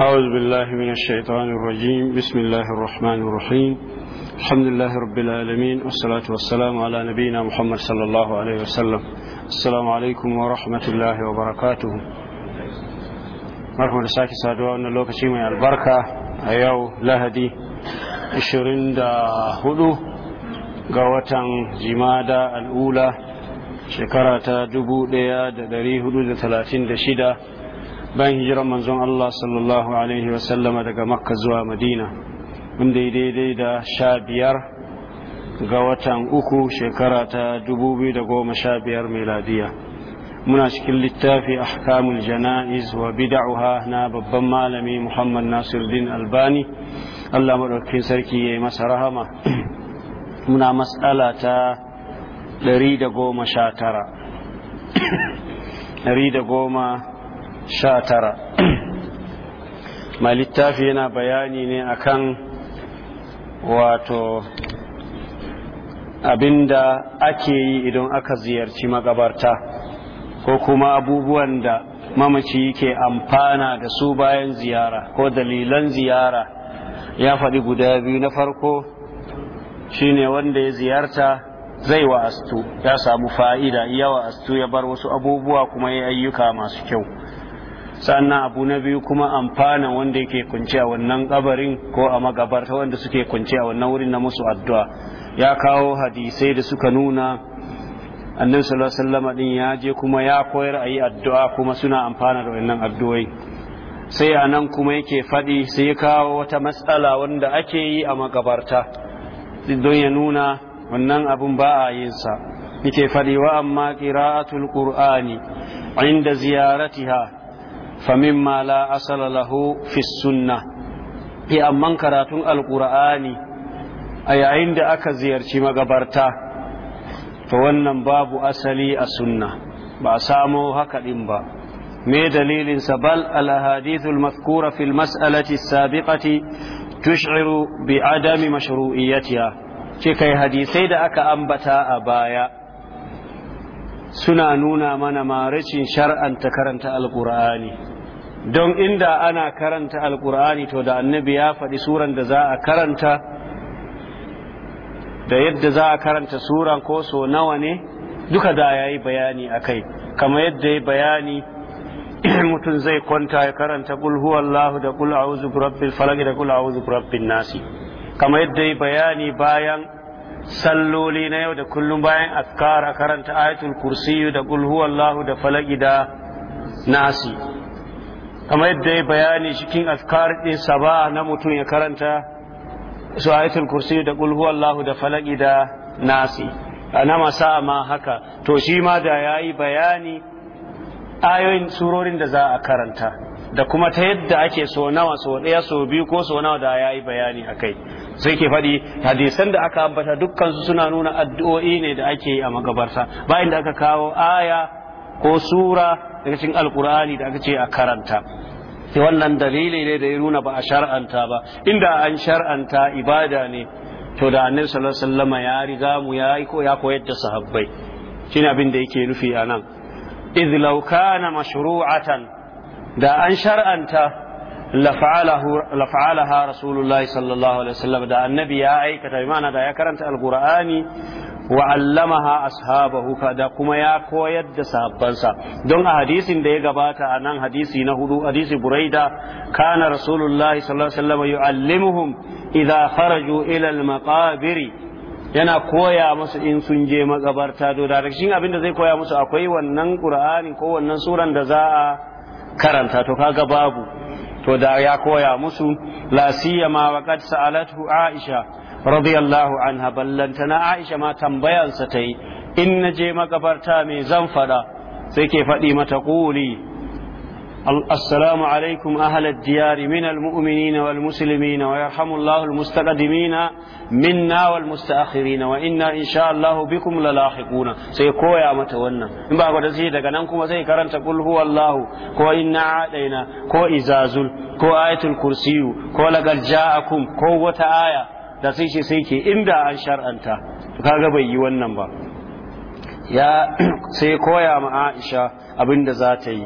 أعوذ بالله من الشيطان الرجيم بسم الله الرحمن الرحيم الحمد لله رب العالمين والصلاة والسلام على نبينا محمد صلى الله عليه وسلم السلام عليكم ورحمة الله وبركاته مرحبا ساكي سادوا أن اللوكة من البركة أيو لهدي عشرين دا هدو قوة جمادة الأولى شكرة دبو ديا دري هدو دا ثلاثين دا شدة bayan hijiran manzon Allah sallallahu alaihi wa sallama daga makka zuwa madina wanda ya daidai da sha biyar ga watan uku shekara ta dubu biyu da goma sha biyar meladiya muna cikin littafi ahkamul jana'iz wa bid'uha na babban malami muhammad nasiruddin albani Allah maɗaukakin sarki ya masa rahama muna matsala ta ɗari da goma sha tara sha tara ma littafi yana bayani ne akan wato abinda ake yi idan aka ziyarci magabarta ko kuma abubuwan da mamaci yake amfana da su bayan ziyara ko dalilan ziyara ya faɗi guda biyu na farko shine wanda ya ziyarta zai wa'astu ya samu fa'ida iya wa'astu ya bar wasu abubuwa kuma ya ayyuka masu kyau sannan abu na biyu kuma amfanan wanda yake kunce a wannan kabarin ko a magabarta wanda suke kunce a wannan wurin na musu addu'a ya kawo hadisai da suka nuna annin salasallama ɗin din ya je kuma ya koyar a yi addu'a kuma suna amfana da wannan addu'ai sai a nan kuma yake faɗi sai ya kawo wata matsala wanda ake yi a magabarta don ya nuna wannan abin ba a yin sa yake faɗi wa amma qira'atul qur'ani inda ziyaratiha famin mala asalalahu fi sunna ya amman karatun alkur'ani a yayin da aka ziyarci magabarta ta wannan babu asali a sunna ba a samo haka ɗin ba me dalilinsa bal alhadithul mazkura fil mas'alati sabiqati tushiru bi adami mashru'iyyatiha ce kai hadisai da aka ambata a baya suna nuna mana marishin shar'anta karanta alkur'ani don inda ana karanta alkur'ani to da annabi ya faɗi suran da za a karanta da yadda za a karanta suran ko so nawa ne duka da ya yi bayani a kai kama yadda ya bayani mutum zai kwanta ya karanta kul huwallahu da a wuzu birabbil falagi da a wuzu birabbin nasi kama yadda ya bayani bayan salloli na yau da kullum bayan azkar karanta ayatul kursiyu da kul huwallahu da falagi da nasi kamar yadda ya bayani cikin azkar ɗin saba na mutum ya karanta su ayatul kursi da qul Allah da falaki da nasi a na masa ma haka to shi ma da ya yi bayani ayoyin surorin da za a karanta da kuma ta yadda ake so nawa so ɗaya so biyu ko so nawa da yi bayani a kai sai ke faɗi hadisan da aka ambata dukkansu suna nuna addu'o'i ne da ake yi a magabarsa bayan da aka kawo aya ko sura daga cikin alkur'ani da aka ce a karanta wannan dalili ne da ya nuna ba a shar'anta ba inda an shar'anta ibada ne to da annabi sallallahu alaihi wasallam ya riga mu ya ko ya koyar da sahabbai shine abin da yake nufi a nan idh law kana mashru'atan da an shar'anta lafa'alaha rasulullahi sallallahu alaihi wasallam da annabi ya aikata bi ma'ana da ya karanta alqur'ani wa allamaha ashabahu kada kuma ya koyar da sahabbansa don a hadisin da ya gabata a nan hadisi na hudu hadisi buraida kana rasulullahi sallallahu alaihi wasallam yu'allimuhum idza kharaju ila al yana koya musu in sun je magabarta do da cikin abin da zai koya musu akwai wannan qur'ani ko wannan suran da za a karanta to kaga babu to da ya koya musu la siyama wa qad aisha radiyallahu anha na Aisha ma tambayansa ta yi in na je makabarta mai zan fada sai ke faɗi mata kuli asalamu alaikum ahalar diyari min almu'minina wal muslimina wa yarhamullahu almustaqdimina minna wal mustaakhirina wa inna insha Allah bikum lalahiquna sai koya mata wannan in ba gwada sai daga nan kuma zai karanta qul huwallahu ko inna adaina ko izazul ko ayatul kursiyu ko laqad ja'akum ko wata aya da sai ce sai ke inda an shar'anta to kaga bai yi wannan ba ya sai koya ma Aisha abinda za ta yi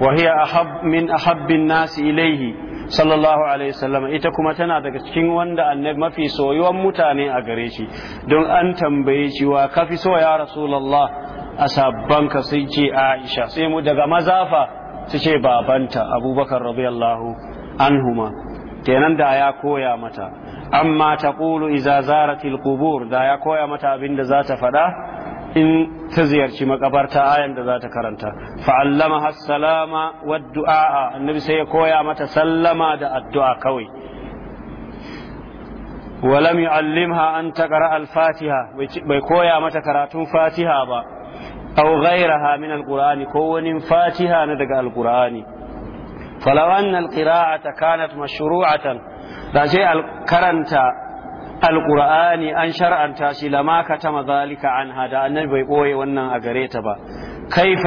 wa hiya ahab min ahabbin nasi ilaihi sallallahu alaihi wasallam ita kuma tana daga cikin wanda annabi mafi soyuwan mutane a gare shi don an tambaye shi wa kafi so ya rasulullah a sabban ka sai ce Aisha sai mu daga mazafa su ce babanta Abubakar radiyallahu anhuma kenan da ya koya mata amma ta ƙulu iza zaratil kubur da ya koya mata abin da za ta faɗa in ta ziyarci makabarta ayan da za ta karanta fa'allama hassalama wa du'a annabi sai ya koya mata sallama da addu'a kawai ولم يعلمها أن تقرأ الفاتحة بيكويا متى كراتون فاتحة با أو غيرها ko wani fatiha na daga القرآن فلو أن القراءة كانت مشروعة لشيء الكرنت القرآن أن شرعا تاشي لما كتم ذلك عن هذا أن بيقوي وانا أقريت با كيف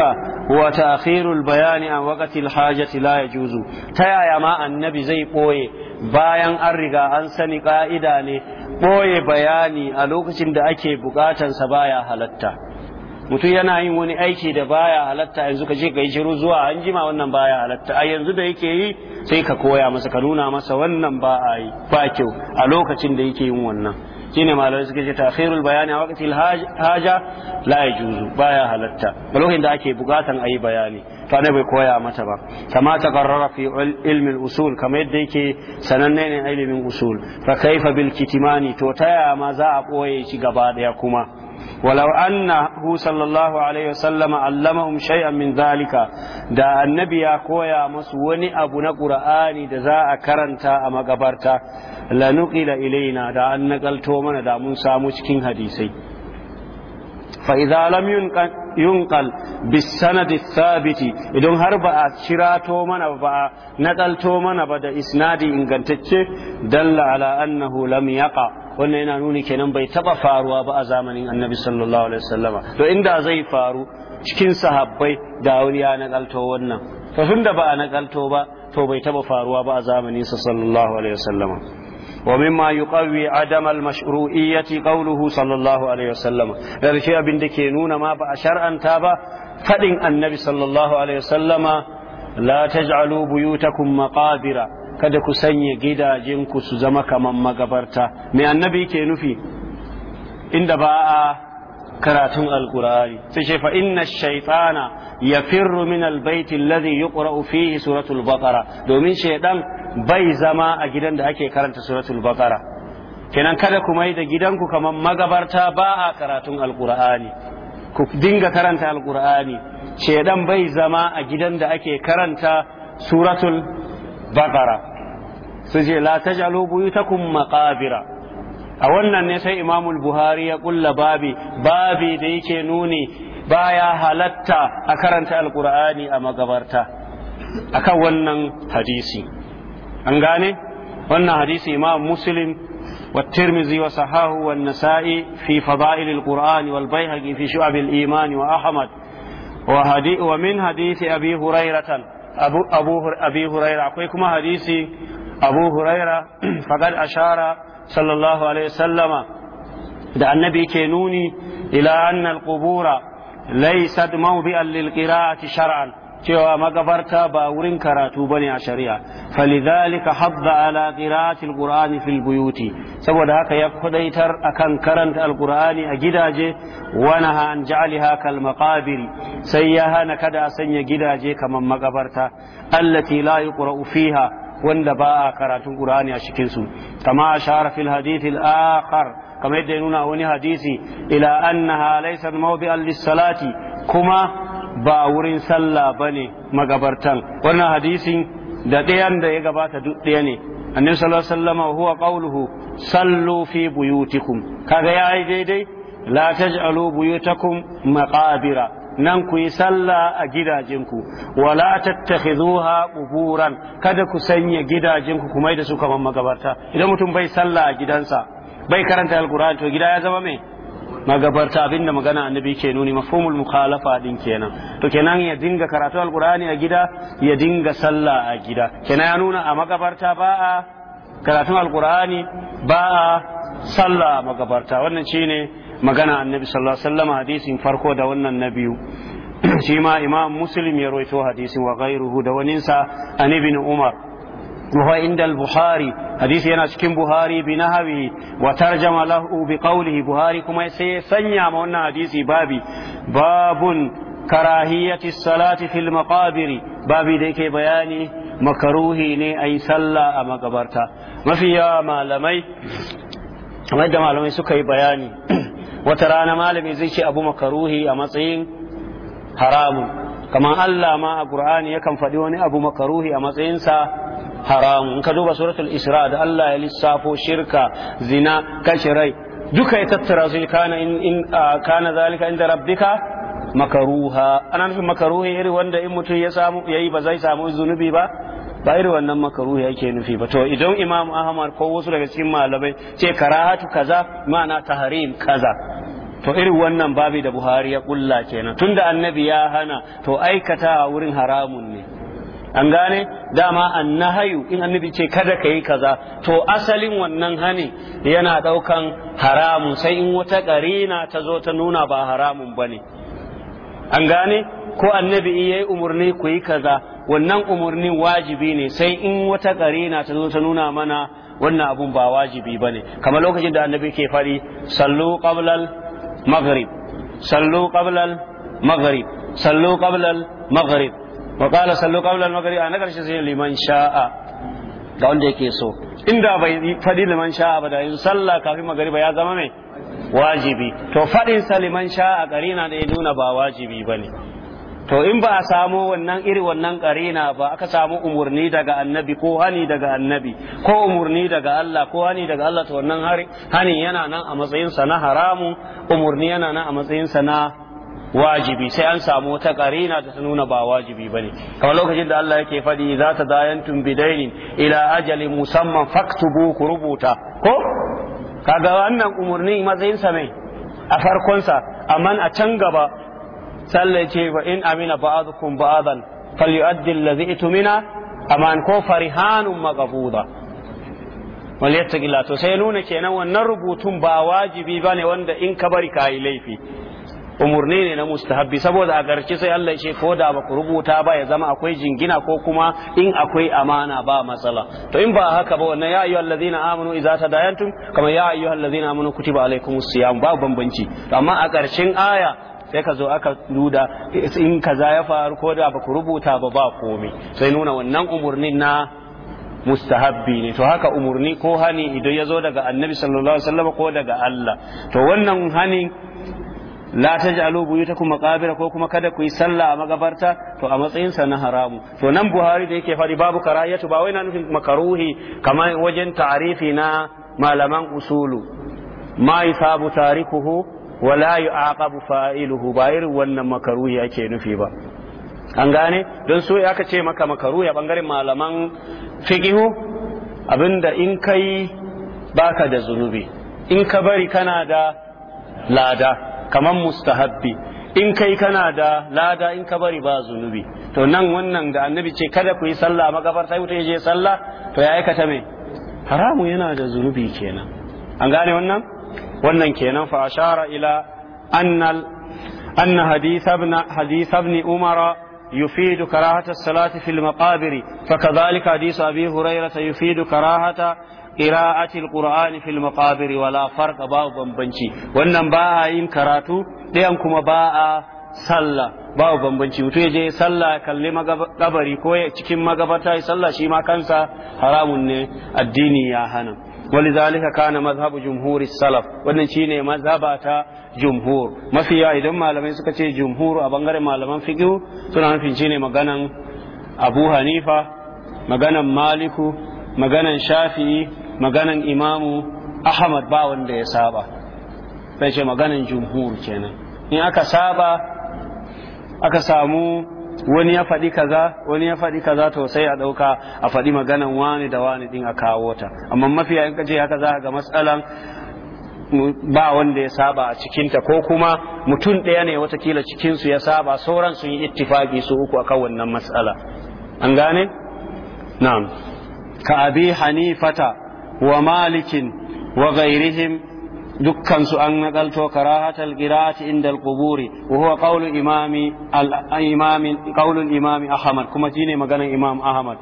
وتأخير البيان عن وقت الحاجة لا يجوز تيا يا ما النبي زي بوي bayan an riga an sani ka'ida ne ɓoye bayani a lokacin da ake bukatansa baya halatta mutum yana yin wani aiki da baya halatta yanzu ka ce ka yi shiru zuwa an jima wannan baya halatta a yanzu da yake yi sai ka koya masa ka nuna masa wannan ba a yi ba kyau a lokacin da yake yin wannan shine malamai suka ce ta khairul bayani a waqtil haja la yajuzu baya halatta a lokacin da ake bukatan ayi bayani kane bai koya mata ba kama ta karrara fi ilmin usul kama yadda yake sananne ne ilimin usul fa kaifa bil kitimani to taya ma za a boye shi gaba daya kuma walau annahu sallallahu alaihi wasallam allamahum shay'an min zalika da annabi ya koya masu wani abu na qur'ani da za a karanta a magabarta la nuqila ilaina da an nakalto mana da mun samu cikin hadisai فإذا لم ينقل, ينقل بالسند الثابت إذن هربا شرا تومنا با نقل تومنا بدا إسنادي إن دل على أنه لم يقع wannan yana nuna kenan bai taba faruwa ba a zamanin annabi sallallahu alaihi wasallama to inda zai faru cikin sahabbai da wani ya nakalto wannan to tunda ba a nakalto ba to bai taba faruwa ba a zamanin sa sallallahu alaihi wasallama ومما يقوي عدم المشروعية قوله صلى الله عليه وسلم هذا شيء ابن دكينون ما شرعا تابا فدن النبي صلى الله عليه وسلم لا تجعلوا بيوتكم مقابر kada ku sanya gidajenku su zama kaman magabarta mai annabi ke nufi inda ba a karatun alkur'ani sai ce fa inna ya firru min albaitin alladhi yuqra'u fihi suratul baqara domin shaydan bai zama a gidan da ake karanta suratul baqara kenan kada ku mai da gidanku kamar magabarta ba a karatun alkur'ani ku dinga karanta alkur'ani shaydan bai zama a gidan da ake karanta suratul baqara sai ce la taj'alu buyutakum maqabira a wannan ne sai imamul buhari ya kulla babi babi da yake nuni baya halatta a karanta alkur'ani a magabarta akan wannan hadisi an gane wannan hadisi imam muslim والترمذي وصححه والنسائي في فضائل القرآن والبيهقي في شعب الإيمان وأحمد وهدي ومن حديث أبي هريرة أبو, أبو هريرة أقولكم حديث أبو هريرة فقد أشار sallallahu alaihi sallama da annabi yake nuni ila anna alqubura laysat mawdi'an lilqira'ati shar'an cewa magabarta ba wurin karatu ba ne a shari'a falidhalika hadda ala qira'ati alqur'ani fil buyuti saboda haka ya kudaitar akan karanta alqur'ani a gidaje wana naha an ja'aliha kal maqabir sai ya hana kada a sanya gidaje kaman magabarta allati la yuqra'u fiha wanda ba a karatun qur'ani a cikin su kama ashara fil hadith al akhar kama yadda nuna wani hadisi ila annaha laysa mawdi'an lis salati kuma ba wurin sallah bane magabartan wannan hadisin da ɗayan da ya gabata duk ɗaya ne annabi sallallahu alaihi wasallam huwa qawluhu sallu fi buyutikum kaga yayi daidai la taj'alu buyutakum maqabira nan ku yi sallah a gidajenku wala tattakhizuha quburan kada ku sanya gidajenku ku da su kamar magabarta idan mutum bai sallah a gidansa bai karanta alqur'ani to gida ya zama me magabarta abinda magana annabi ke nuni mafhumul mukhalafa din kenan to kenan ya dinga karatu alqur'ani a gida ya dinga sallah a gida kenan ya nuna a magabarta ba a karatun alqur'ani ba a sallah a magabarta wannan shine magana annabi sallallahu alaihi wasallam hadisin farko da wannan na biyu shi ma imam muslim ya roito hadisin wa ghairuhu da waninsa an ibn umar وهو Buhari البخاري yana cikin Buhari bi nahawi wa tarjama lahu bi qawlihi Buhari kuma sai sanya ma wannan hadisi babi babun karahiyati salati fil maqabir babi da yake bayani makaruhi ne yi sallah a magabarta mafiya malamai kamar da malamai suka yi bayani wata rana malami zai ce abu makaruhi a matsayin haramun kamar Allah ma a Qur'ani yakan faɗi wani abu makaruhi a matsayinsa haramun in ka duba suratul isra da Allah ya lissafo shirka zina kashe rai duka ya tattara su kana in, in kana zalika inda rabbika makaruha ana nufin makaruhi iri wanda in mutum ya samu yayi ba zai samu zunubi ba ba irin wannan makaruhi yake nufi ba to idan imam ahmad ko wasu daga cikin malamai ce karahatu kaza ma'ana tahrim kaza to irin wannan babi da buhari ya kulla kenan tunda annabi ya hana to aikata a wurin haramun ne an gane dama nahayu in annabi ce kada ka yi kaza to asalin wannan hani yana daukan haramun sai in wata karina ta zo ta nuna ba haramun bane an gane ko annabi ya yi umarni ku yi kaza wannan umarnin wajibi ne sai in wata karina ta zo ta nuna mana wannan abun ba wajibi ba ne kamar lokacin da annabi ke fari sallu qablal maghrib sallu qablal maghrib sallu qablal maghrib wa qala sallu qablal maghrib a nagarshe sai liman sha'a ga wanda yake so inda bai fadi liman sha'a ba da yin sallah kafin magriba ya zama mai wajibi to fadin sa liman sha'a karina da ya nuna ba wajibi ba ne to in ba a samu wannan iri wannan karina ba aka samu umurni daga annabi ko hani daga annabi ko umurni daga Allah ko hani daga Allah to wannan hani yana nan a matsayinsa na haramu umurni yana nan a matsayinsa na wajibi sai an samu wata karina da ta nuna ba wajibi bane kamar lokacin da Allah yake faɗi za ta dayantum dainin ila ajali musamman faktubu ku rubuta ko kaga wannan umurni matsayin sa mai a farkon sa amma a can gaba sallah ce wa in amina ba'adukum ba'adan falyu'addi allazi itumina aman ko farihanun maqbuda wal yattaqilla to sai nuna kenan wannan rubutun ba wajibi bane wanda in ka bari ka yi laifi umurni ne na mustahabbi saboda a garci sai Allah ce ko da baku rubuta ba ya zama akwai jingina ko kuma in akwai amana ba matsala to in ba haka ba wannan ya ayyuha allazina amanu idza tadayantum kama ya ayyuha allazina amanu kutiba alaikumus siyam ba bambanci amma a karshen aya sai ka zo aka duda in kaza ya faru ko da baku rubuta ba ba komai sai nuna wannan umurnin na mustahabbi ne to haka umurni ko hani idan ya zo daga annabi sallallahu alaihi wasallam ko daga Allah to wannan hani la taj'alu buyutakum maqabira ko kuma kada ku yi sallah a magabarta to a matsayin sa na haramu to nan Buhari da yake fari babu karayatu ba wai na nufin makaruhi kamar wajen ta'arifi na malaman usulu ma yusabu tarikuhu wala aqabu fa'iluhu ba irin wannan makaruhi ake nufi ba an gane don so aka ce maka makaruhi a bangaren malaman fiqihu abinda in kai baka da zunubi in ka bari kana da lada kaman mustahabbi in kai kana da lada in ka bari ba zunubi to nan wannan da annabi ce kada ku yi sallah magabar sai mutum ya je sallah to ya aikata me haramu yana da zunubi kenan an gane wannan wannan kenan fa ashara ila annal anna hadith ibn hadith ibn umara يفيد كراهة الصلاة في المقابر فكذلك حديث أبي هريرة يفيد كراهة قراءة القرآن في المقابر ولا فرق باو بمبنشي وأنم باها إن كراتو لأنكم باء صلى باو بمبنشي وتوجه صلى كلمة قبري كوي تكيم مقبتا صلى شيما كانسا حرام الدين يا هنم ولذلك كان مذهب جمهور السلف wannan shine mazhaba ta jumhur mafiya idan malamai suka ce jumhur a bangaren malaman fiqh suna nufin shine maganan Abu Hanifa maganan Maliku maganan Shafi'i maganan Imamu Ahmad ba wanda ya saba sai ce maganan jumhur kenan in aka saba aka samu wani ya faɗi kaza wani ya faɗi kaza to sai a ɗauka a faɗi maganan wani da wani ɗin a kawo ta amma mafiya in kace haka za ga matsalan ba wanda ya saba a cikinta ko kuma mutum ɗaya ne watakila cikinsu ya saba sauran sun yi ittifaki su uku akan wannan matsala an gane na'am ka abi hanifata wa malikin wa ghairihim دكان سؤال نقلت كراهة القراءة عند القبور وهو قول إمام الإمام قول الإمام أحمد كما جيني مقال إمام أحمد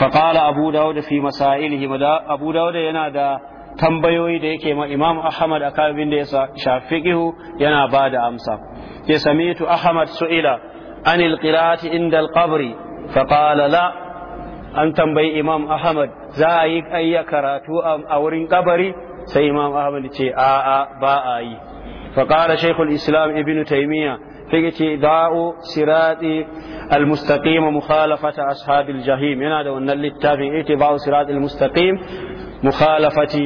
فقال أبو داود في مسائله أبو داود ينادى tambayoyi da yake ma Imam Ahmad a abin da ya shafi kihu yana ba da amsa Ke samitu Ahmad su'ila anil qira'ati inda kabri qabri fa qala la an tambayi Imam Ahmad za a yi karatu a wurin kabari sai imam ahmad ce a a ba a yi fa qala shaykhul islam ibnu taymiya fike ce da'u sirati al-mustaqim mukhalafata ashabil jahim yana da wannan littafin itiba'u sirati al-mustaqim mukhalafati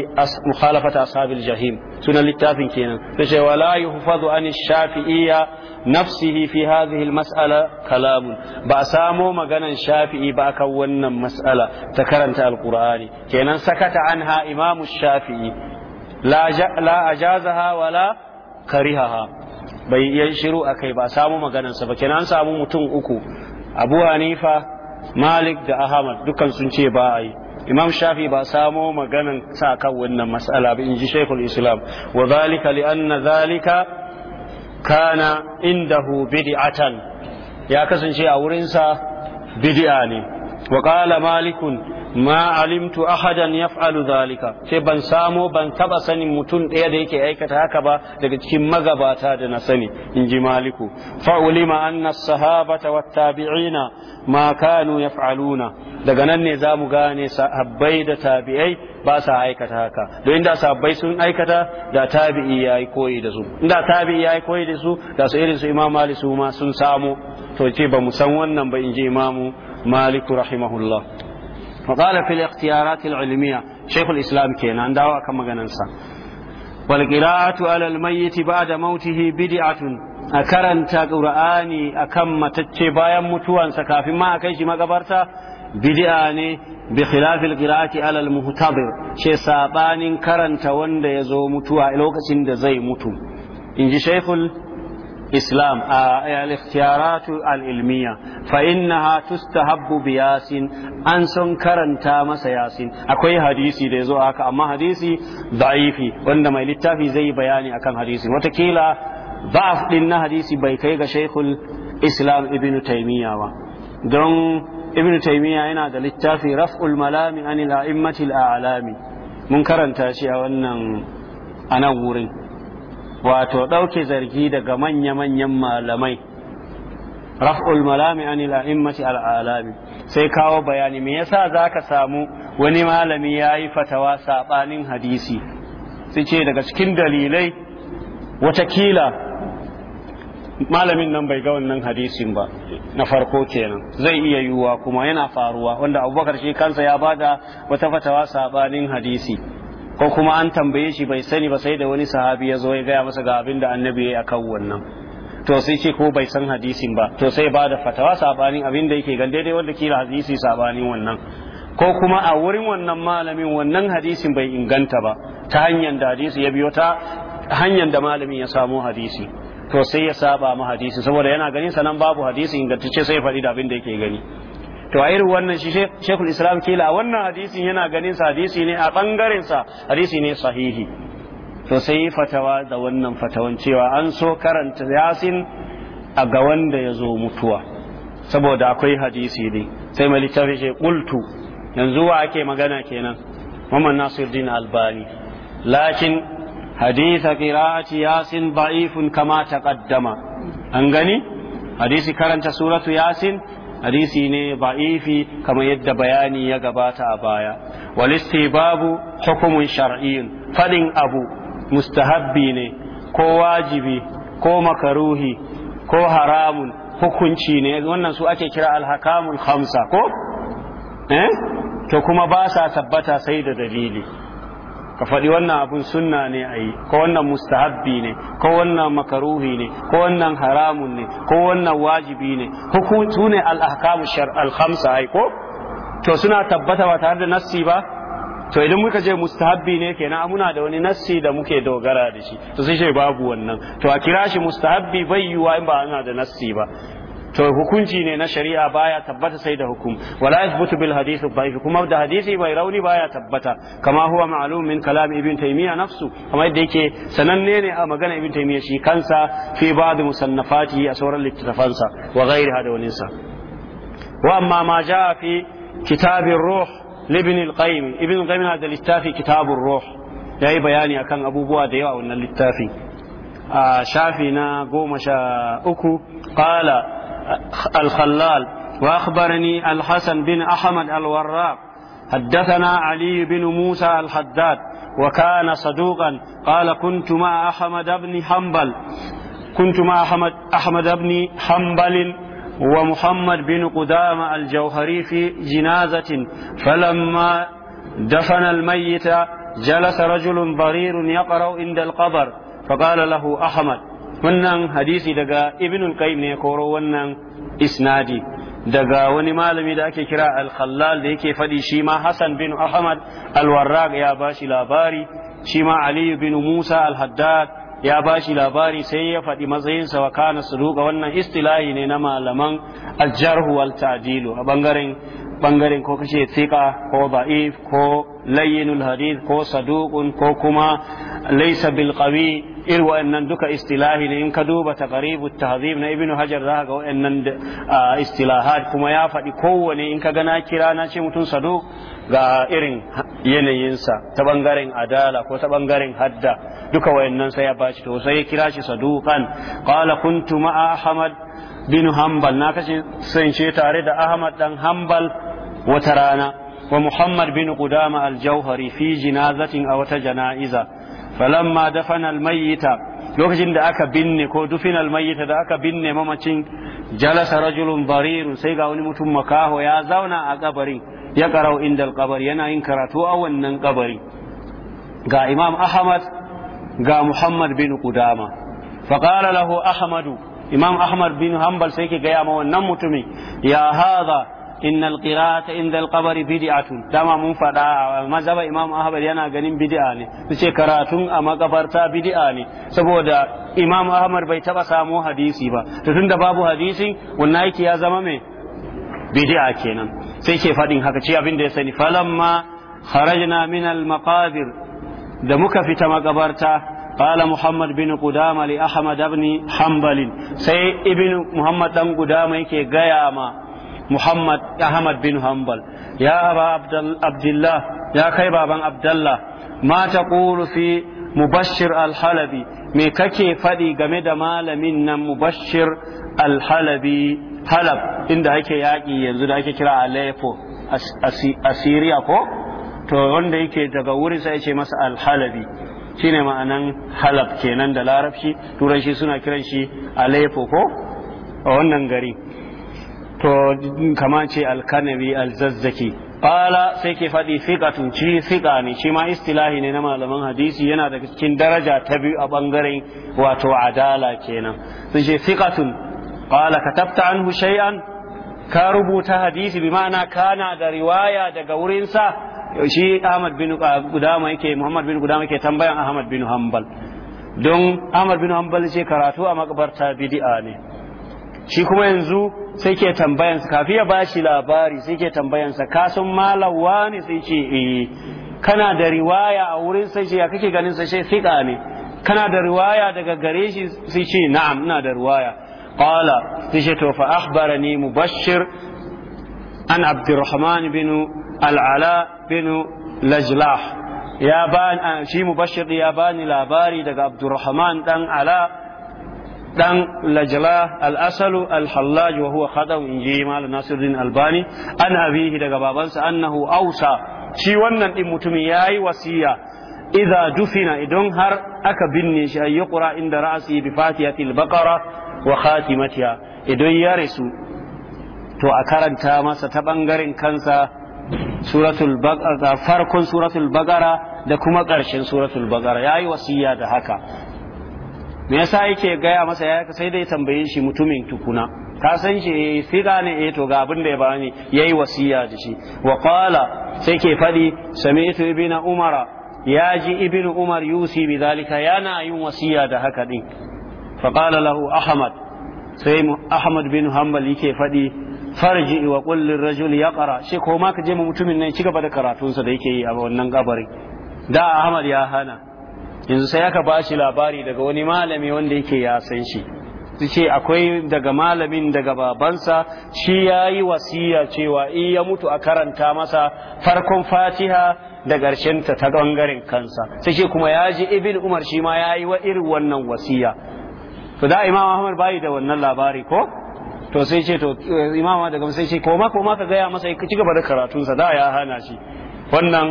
mukhalafata ashabil jahim sunan littafin kenan sai wala yuhfazu an shafi'iyya nafsihi fi hadhihi almas'ala kalamun ba samo maganan shafi'i ba kan wannan mas'ala ta karanta alqur'ani kenan sakata anha imam shafi'i la la ajazaha wala karihaha bai yi shiru a kai ba samo maganan sa ba kenan samu mutum uku Abu Hanifa Malik da Ahmad dukan sun ce ba yi imam Shafi'i ba samo maganan sa kan wannan mas'ala ba in ji Shaykhul Islam wa zalika li anna zalika kana inda indahu bid'atan ya kasance a wurinsa bid'a ne wa qala malikun ma alimtu ahadan yaf'alu zalika sai ban samo ban taba sanin mutum ɗaya da yake aikata haka ba daga cikin magabata da na sani in ji maliku fa ulima anna sahabata wat ma kanu yaf'aluna daga nan ne zamu gane sahabbai da tabi'ai ba sa aikata haka don inda sahabbai sun aikata da tabi'i yayi koyi da su inda tabi'i yayi koyi da su da su irin su imam malik su ma sun samo to ce ba mu san wannan ba in ji imamu maliku rahimahullah وقال في الاختيارات العلمية شيخ الإسلام كينا دعوة كما جننسا والقراءة على الميت بعد موته بدعة أكرن قرآني أكم تتشبايا متوان سكافي ما أكيش ما قبرتا بدعاني بخلاف القراءة على المهتبر شي سابان كرن توند يزو متوا إلوك سند زي متو إنجي شيخ الإسلام الإسلام الاختيارات العلمية فإنها تستحب بياسين أنسون كرنتا مسا ياسين أكوي حديثي دي زو أكا أما حديثي ضعيفي وإنما يلتافي زي بياني أكام حديثي وتكيلا ضعف لنا حديثي بيكيغ شيخ الإسلام ابن تيمية دون ابن تيمية هنا ده للتافي رفع الملام عن الأئمة الأعلام من كرنتا شيئا وأنم أنا ورين wato ɗauke zargi daga manya-manyan malamai raf'ul malami anil a'immati al'alami sai kawo bayani me yasa zaka samu wani malami yayi fatawa sabanin hadisi sai ce daga cikin dalilai watakila malamin nan bai ga wannan hadisin ba na farko kenan zai iya yiwuwa kuma yana faruwa wanda abubakar shi kansa ya bada wata fatawa sabanin hadisi ko kuma an tambaye shi bai sani ba sai da wani sahabi ya zo ya gaya masa ga abin da annabi ya yi akan wannan to sai ce ko bai san hadisin ba to sai ba da fatawa sabanin abin da yake gan daidai wanda kila hadisi sabanin wannan ko kuma a wurin wannan malamin wannan hadisin bai inganta ba ta hanyar da hadisi ya biyo ta hanyar da malamin ya samo hadisi to sai ya saba ma hadisi saboda yana ganin sanan babu hadisi ingantacce sai faɗi da abin da yake gani to a irin wannan shi shekul islam kila wannan hadisin yana ganin sa hadisi ne a bangaren sa hadisi ne sahihi to sai yi fatawa da wannan fatawan cewa an so karanta yasin a ga wanda ya zo mutuwa saboda akwai hadisi ne sai mai littafi ce kultu yanzu wa ake magana kenan Muhammad din Albani lakin haditha qira'ati yasin ba'ifun kama taqaddama an gani hadisi karanta suratu yasin hadisi ne ba'ifi kamar yadda bayani ya gabata a baya walisti babu hukumun shar'iyyun fadin abu mustahabbi ne ko wajibi ko makaruhi ko haramun hukunci ne wannan su ake kira alhakamun hamsa ko eh to kuma ba sa tabbata sai da dalili ka faɗi wannan abin sunna ne a yi ko wannan mustahabbi ne ko wannan makaruhi ne ko wannan haramun ne ko wannan wajibi ne hukuntu ne al'akamu ahkamu al-khamsa ko to suna tabbata ba tare da nassi ba to idan muka je mustahabbi ne kenan muna da wani nassi da muke dogara da shi to sai shi babu wannan to a kira shi mustahabbi bai yiwa in ba ana da nassi ba to hukunci ne na shari'a baya tabbata sai da hukum wala yathbutu bil hadith dhaif kuma da hadisi bai rauni baya tabbata kama huwa ma'lum min kalam ibn taymiya nafsu kama yadda yake sananne ne a magana ibn taymiya shi kansa fi ba'd musannafati a sauran littattafansa wa ghairiha da waninsa wa amma ma jaa fi kitabir ruh libn al-qayyim ibn al-qayyim hada littafi kitabur ruh yayi bayani akan abubuwa da yawa wannan littafi a shafi na goma sha uku qala الخلال وأخبرني الحسن بن أحمد الوراق حدثنا علي بن موسى الحداد وكان صدوقا قال كنت مع أحمد بن حنبل كنت مع أحمد, أحمد بن حنبل ومحمد بن قدام الجوهري في جنازة فلما دفن الميت جلس رجل ضرير يقرأ عند القبر فقال له أحمد wannan hadisi daga ibnul qayyim ne koro wannan isnadi daga wani malami da ake kira al-khallal da yake fadi shi ma Hassan bin Ahmad al-Warraq ya bashi labari shi ma Ali bin Musa al-Haddad ya bashi labari sai ya faɗi matsayinsa wa kana suduka wannan istilahi ne na malaman al-jarh wal ta'dil a bangaren bangaren ko kace thiqa ko da'if ko layyinul hadith ko saduqun ko kuma laysa bil qawi irin wa'annan duka istilahi ne in ka duba taqribu tahzim na ibnu hajar za ga wa'annan istilahat kuma ya faɗi kowane in ka ga na kira na ce mutum sadu ga irin yanayinsa ta bangaren adala ko ta bangaren hadda duka wa'annan sai ya baci to sai ya kira shi saduqan qala kuntu ma'a ahmad bin hanbal na kasance tare da ahmad dan hanbal wata rana wa muhammad bin qudama al-jauhari fi jinazatin a wata jana'iza falamma dafana almayyita lokacin da aka binne ko dufina almayyita da aka binne mamacin jalasa rajulun bariru sai ga wani mutum makaho ya zauna a kabari ya karau inda alkabar yana yin karatu a wannan kabari ga imam ahmad ga muhammad bin kudama faqala lahu ahmadu imam ahmad bin hanbal sai ke gaya ma wannan mutumin ya hadha Innal إن القراءة عند القبر بدعة دما من فدا مذهب imam Ahmad yana ganin bid'a ne su karatun a makabarta bid'a ne saboda Imam Ahmad bai taɓa samo hadisi ba to tunda babu hadisin wannan yake ya zama mai. Bidi'a kenan sai ke faɗin haka ce abin da ya sani falamma kharajna min al maqabir da muka fita makabarta قال محمد بن قدامة لأحمد بن حنبل سي ابن محمد بن قدامة يكي قيامة Muhammad Ahmad bin Hanbal ya aba Abdullah ya kai baban Abdullah ma taqulu fi Mubashir alhalabi me kake faɗi game da malamin nan Mubashir alhalabi halabi Halab inda ake yaƙi yanzu da ake kira Aleppo a Syria ko to wanda yake daga wurin sai ce masa alhalabi shine ma'anan Halab kenan da Larabci turanci suna kiran shi Aleppo ko a wannan gari to kama ce alkanabi alzazzaki Fala sai ke faɗi fiqatun ci fiƙa ne shi ma istilahi ne na malaman hadisi yana daga cikin daraja ta biyu a bangaren wato adala kenan sun ce fiqatun qala katabta anhu shay'an ka rubuta hadisi bi ma'ana kana da riwaya daga wurinsa shi Ahmad bin Qudama yake Muhammad bin Qudama yake tambayan Ahmad bin Hanbal don Ahmad bin Hanbal ce karatu a makabarta bid'a ne shi kuma yanzu sai ke tambayansa kafiya ba shi labari sai ke tambayansa kasan malawa ne sai ce eh kana da riwaya a wurin sai ce ya kake ganin sai ce ne kana da riwaya daga gare shi sai ce na'am ina da riwaya qala sai ce to fa akhbarani bashir an abdurrahman bin al'ala bin lajlah ya ba shi ya bani labari daga abdurrahman dan ala dan lajala al-asalu al-hallaj wa huwa khada inji malam nasiruddin albani an abihi daga babansa annahu ausa shi wannan din mutumin yayi wasiya idza dufina idan har aka binne shi ay yaqra inda ra'si bi fatihatil baqara wa khatimatiha idan ya rasu to a karanta masa ta bangaren kansa suratul baqara farkon suratul baqara da kuma ƙarshen suratul baqara yayi wasiya da haka me yasa yake gaya masa ya sai dai tambaye shi mutumin tukuna ka san shi fira eh, ne eh to ga abin da ya bani yayi wasiya da shi wa qala sai ke fadi sami'tu ibn umara ya ji umar yusi bi zalika yana yin wasiya da haka din fa qala lahu ahmad sai ahmad bin hanbal yake fadi farji wa qul lirrajul yaqra shi ko ma ka je mutumin nan ci gaba da karatunsa da yake yi a wannan gabarin, da ahmad ya hana yanzu sai aka ba shi labari daga wani malami wanda yake ya san shi su ce akwai daga malamin daga babansa shi ya yi wasiya cewa in ya mutu a karanta masa farkon fatiha da ta ta ɓangaren kansa sai ce kuma ya ji ibn umar shi ma ya yi wa irin wannan wasiya to da imam ahmad bayi da wannan labari ko to sai ce to imam daga sai ce koma koma ka gaya masa ka ci gaba da karatunsa da ya hana shi wannan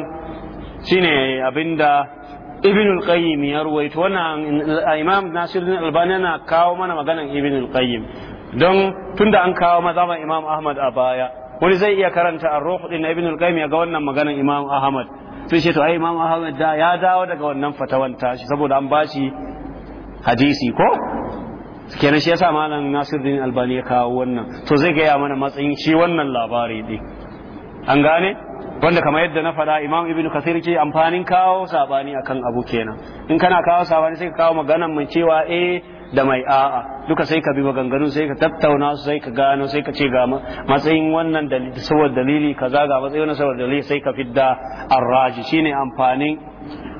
shine abinda ibn qayyim ya ruwaito wannan imam nasiruddin albani yana kawo mana maganan ibn al-qayyim don tunda an kawo mazhaban imam ahmad a baya wani zai iya karanta a ruh din ibn al-qayyim ya ga wannan maganan imam ahmad sai ce to ai imam ahmad da ya dawo daga wannan fatawan tashi saboda an bashi hadisi ko kenan shi yasa malam nasiruddin albani ya kawo wannan to zai gaya mana matsayin shi wannan labari din an gane wanda kamar yadda na faɗa imam ibn kasir ce amfanin kawo sabani akan abu kenan in kana kawo sabani sai ka kawo maganan mai cewa eh da mai a'a duka sai ka bi maganganun sai ka tattauna su sai ka gano sai ka ce ga matsayin wannan saboda dalili kaza ga matsayin wannan saboda dalili sai ka fidda arraji shine amfanin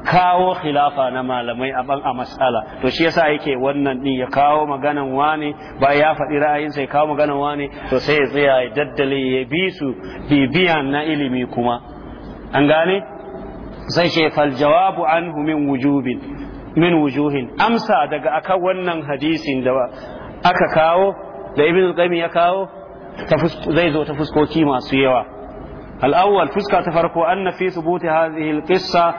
kawo khilafa na malamai a ban a matsala to shi yasa yake wannan din ya kawo maganan wani ba ya faɗi ra'ayinsa ya kawo maganan wani to sai ya tsaya ya daddale ya bi su bibiyan na ilimi kuma an gane sai shi fal jawabu anhu min wujubin min wujuhin amsa daga akan wannan hadisin da aka kawo da ibnu qayyim ya kawo zai zo ta fuskoki masu yawa الأول فسكة تفرق أن في ثبوت هذه القصة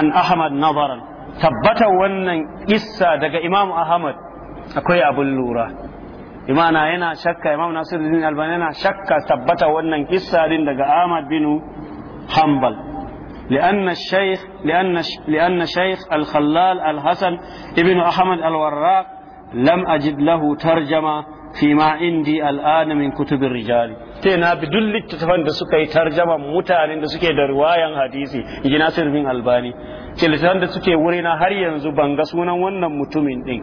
أن أحمد نظرا ثبت وأن قصة دقى إمام أحمد أكوي أبو اللورة imana yana shakka imam nasiruddin albani yana shakka tabbata wannan kissa din daga ahmad bin hanbal لأن الشيخ لأن لأن الشيخ الخلال الحسن ابن أحمد الوراق لم أجد له ترجمة فيما عندي الآن من كتب الرجال sai na bi duk littattafan da suka yi tarjaman mutanen da suke da riwayan hadisi ji na sirrin albani ce littattafan da suke wuri na har yanzu ban ga sunan wannan mutumin din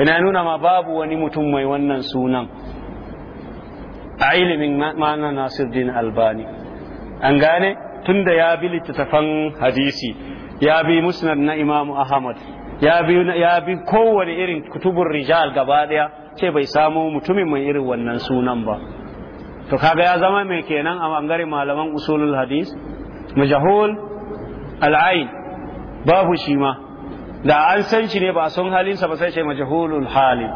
ina nuna ma babu wani mutum mai wannan sunan a ilimin ma'ana sirrin albani an gane da ya bi littattafan hadisi ya bi musnad na imamu ahmad ya bi kowane irin kutubun rijal gaba daya ce bai samu mutumin mai irin wannan sunan ba to kaga ya zama mai kenan a bangaren malaman usulul hadis majahul al'ain babu shi ma da an san shi ne ba sun halinsa ba sai ce majahulul hali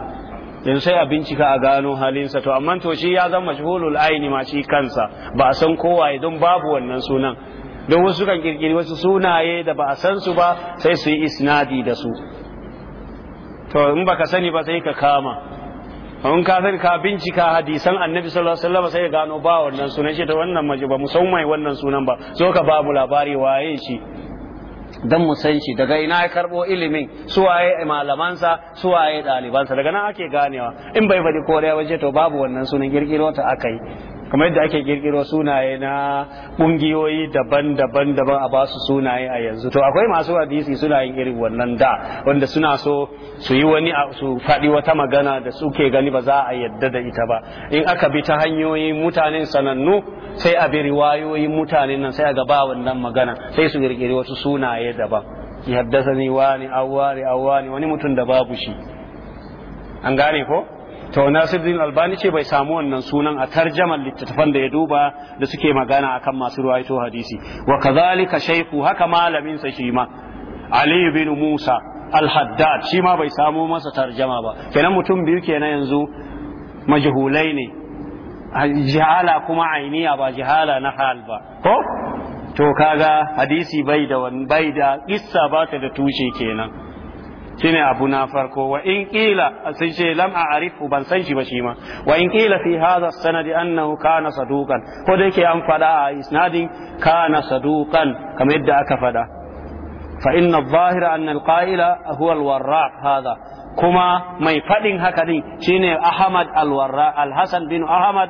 yanzu sai a bincika a gano halinsa to amma to shi ya zama majahulul aini ma shi kansa ba a san kowa don babu wannan sunan don wasu kan kirkiri wasu sunaye da ba a san su ba sai su yi isnadi da su to in baka sani ba sai ka kama an ka ka bincika hadisan annabi sallallahu alaihi wasallam sai ya gano ba wannan sunan shi ta wannan maji ba mai wannan sunan ba zo ka ba mu labari waye shi dan mu san shi daga ina ya karbo ilimin su waye malamansa su waye dalibansa daga nan ake ganewa in bai bari koriya waje to babu wannan sunan girgiro ta akai kamar yadda ake kirkiro sunaye na kungiyoyi daban-daban daban a ba su sunaye a yanzu to akwai masu hadisi suna yin irin wannan da wanda suna so su yi wani su faɗi wata magana da suke gani ba za a yadda da ita ba in aka bi ta hanyoyin mutanen sanannu sai a bi riwayoyin mutanen nan sai a gaba wannan magana sai su kirkiri wasu sunaye daban yadda sani wani awwari awwani wani mutum da babu shi an gane ko to nasiruddin albani ce bai samu wannan sunan a tarjaman littattafan da ya duba da suke magana akan masu ruwaito hadisi wa kazalika shaykhu haka malamin sa shi ma ali bin musa al-haddad shi ma bai samu masa tarjama ba kenan mutum biyu kenan yanzu majhulai ne jihala kuma ainiya ba jihala na hal ba ko to kaga hadisi bai da bai da issa ba ta da tushe kenan shine abu na farko wa in kila sai ce lam a'rifu ban san shi ba shi ma wa in kila fi hadha sanadi annahu kana sadukan ko da yake an fada a isnadin kana sadukan kamar yadda aka fada fa inna adh-dhahira anna al-qa'ila huwa al-warraq hadha kuma mai fadin haka din shine Ahmad al-Warraq al-Hasan bin Ahmad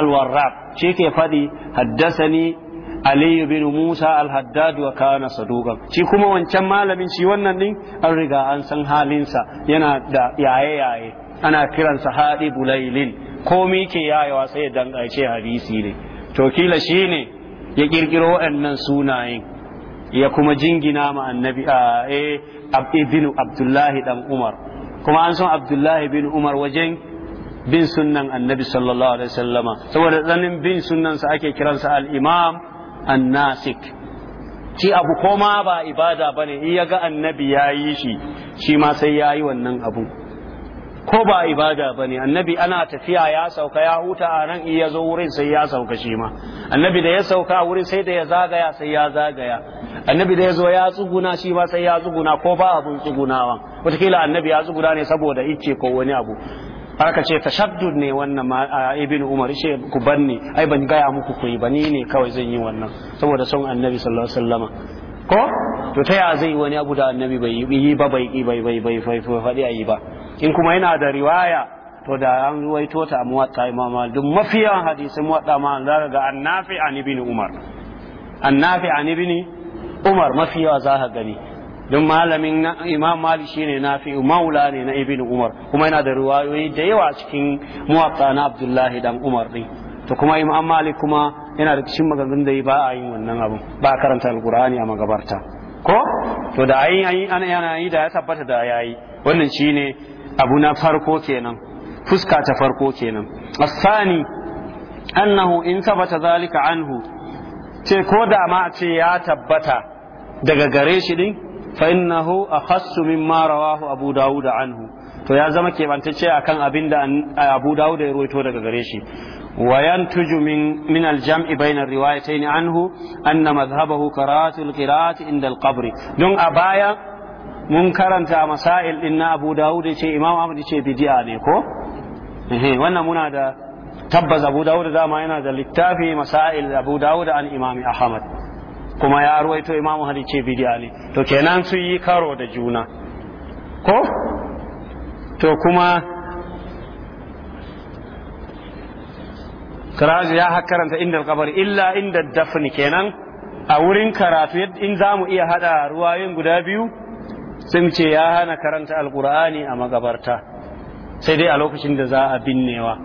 al-Warraq shi ke fadi haddasani aliyu bin musa al-haddad wa kana saduqan shi kuma wancan malamin shi wannan din an riga an san halinsa yana da yaye yaye ana kiransa hadi bulailin komi ke yayewa sai dan dangace hadisi ne to kila shi ne ya kirkiro waɗannan sunayen ya kuma jingina ma annabi a ibn abdullahi dan umar kuma an san abdullahi bin umar wajen bin sunnan annabi sallallahu alaihi wasallama saboda tsanin bin sunnansa ake kiransa al-imam annasik ci abu koma ba ibada ba ne ya annabi yayi yi shi shi ma sai ya wannan abu ko ba ibada bane annabi ana tafiya ya sauka ya huta a nan iya zo wurin sai ya sauka shi ma annabi da ya sauka wurin sai da ya zagaya sai ya zagaya annabi da ya zo ya tsuguna shi ma sai ya tsuguna ko ba abun tsugunawa wataƙila annabi ya tsuguna ne saboda icce ko wani abu aka ce tashaddud ne wannan ibn umar ce ku banni ai ban gaya muku ku yi ba ni ne kawai zan yi wannan saboda son annabi sallallahu alaihi wasallama ko to ta ya zai wani abu da annabi bai yi ba bai bai bai bai bai faɗi a yi ba in kuma yana da riwaya to da an ruwaito ta muwatta imama duk mafiyan hadisi muwatta ma za ga annafi an ibn umar annafi an ibn umar mafiya za ka gani don malamin na imam malik shine fi maula ne na ibn umar kuma yana da ruwayoyi da yawa cikin muwatta na abdullahi dan umar din to kuma imam malik kuma yana da cikin maganganun da ba a yin wannan abun ba karanta alqur'ani a magabarta ko to da ayi ana yana yi da ya tabbata da yayi wannan shine abu na farko kenan fuska ta farko kenan asani annahu in sabata zalika anhu ce ko da ma ce ya tabbata daga gare shi din فإنه أخص مما رواه أبو داود عنه to ya zama kebantacce akan abin da Abu Dawud ya ruwaito daga gare shi Wayan yantuju min min al-jam'i bayna riwayatayn anhu anna madhhabahu qira'atu al-qira'at inda al don a baya mun karanta masail din na Abu Dawud ce Imam Ahmad ce bid'a ne ko eh wannan muna da tabbaza Abu Dawud zama yana da littafi masail Abu Dawud an Imam Ahmad kuma ya ruwaito imamu hadi ce bidiya ne to kenan su yi karo da juna ko to kuma Karatu ya karanta inda kabari illa inda dafni kenan a wurin karatu in za mu iya hada ruwayoyin guda biyu sun ce ya hana karanta alkur'ani a magabarta sai dai a lokacin da za a binnewa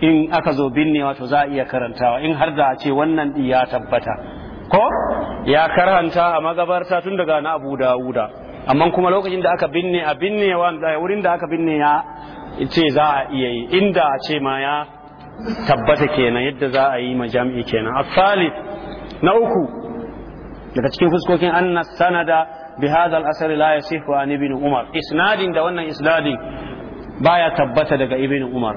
in aka zo binnewa to za a iya karantawa in har da a ce wannan ya tabbata ko ya karhanta a magabarta tun daga na abu dawuda amma kuma lokacin da aka binne a binne wurin da aka binne ya ce za a iya yi inda a ce ma ya tabbata kenan yadda za a yi ma jami'i kenan asali na uku daga cikin fuskokin anna sanada bi hadha al la yasihu an umar isnadin da wannan isnadin baya tabbata daga ibn umar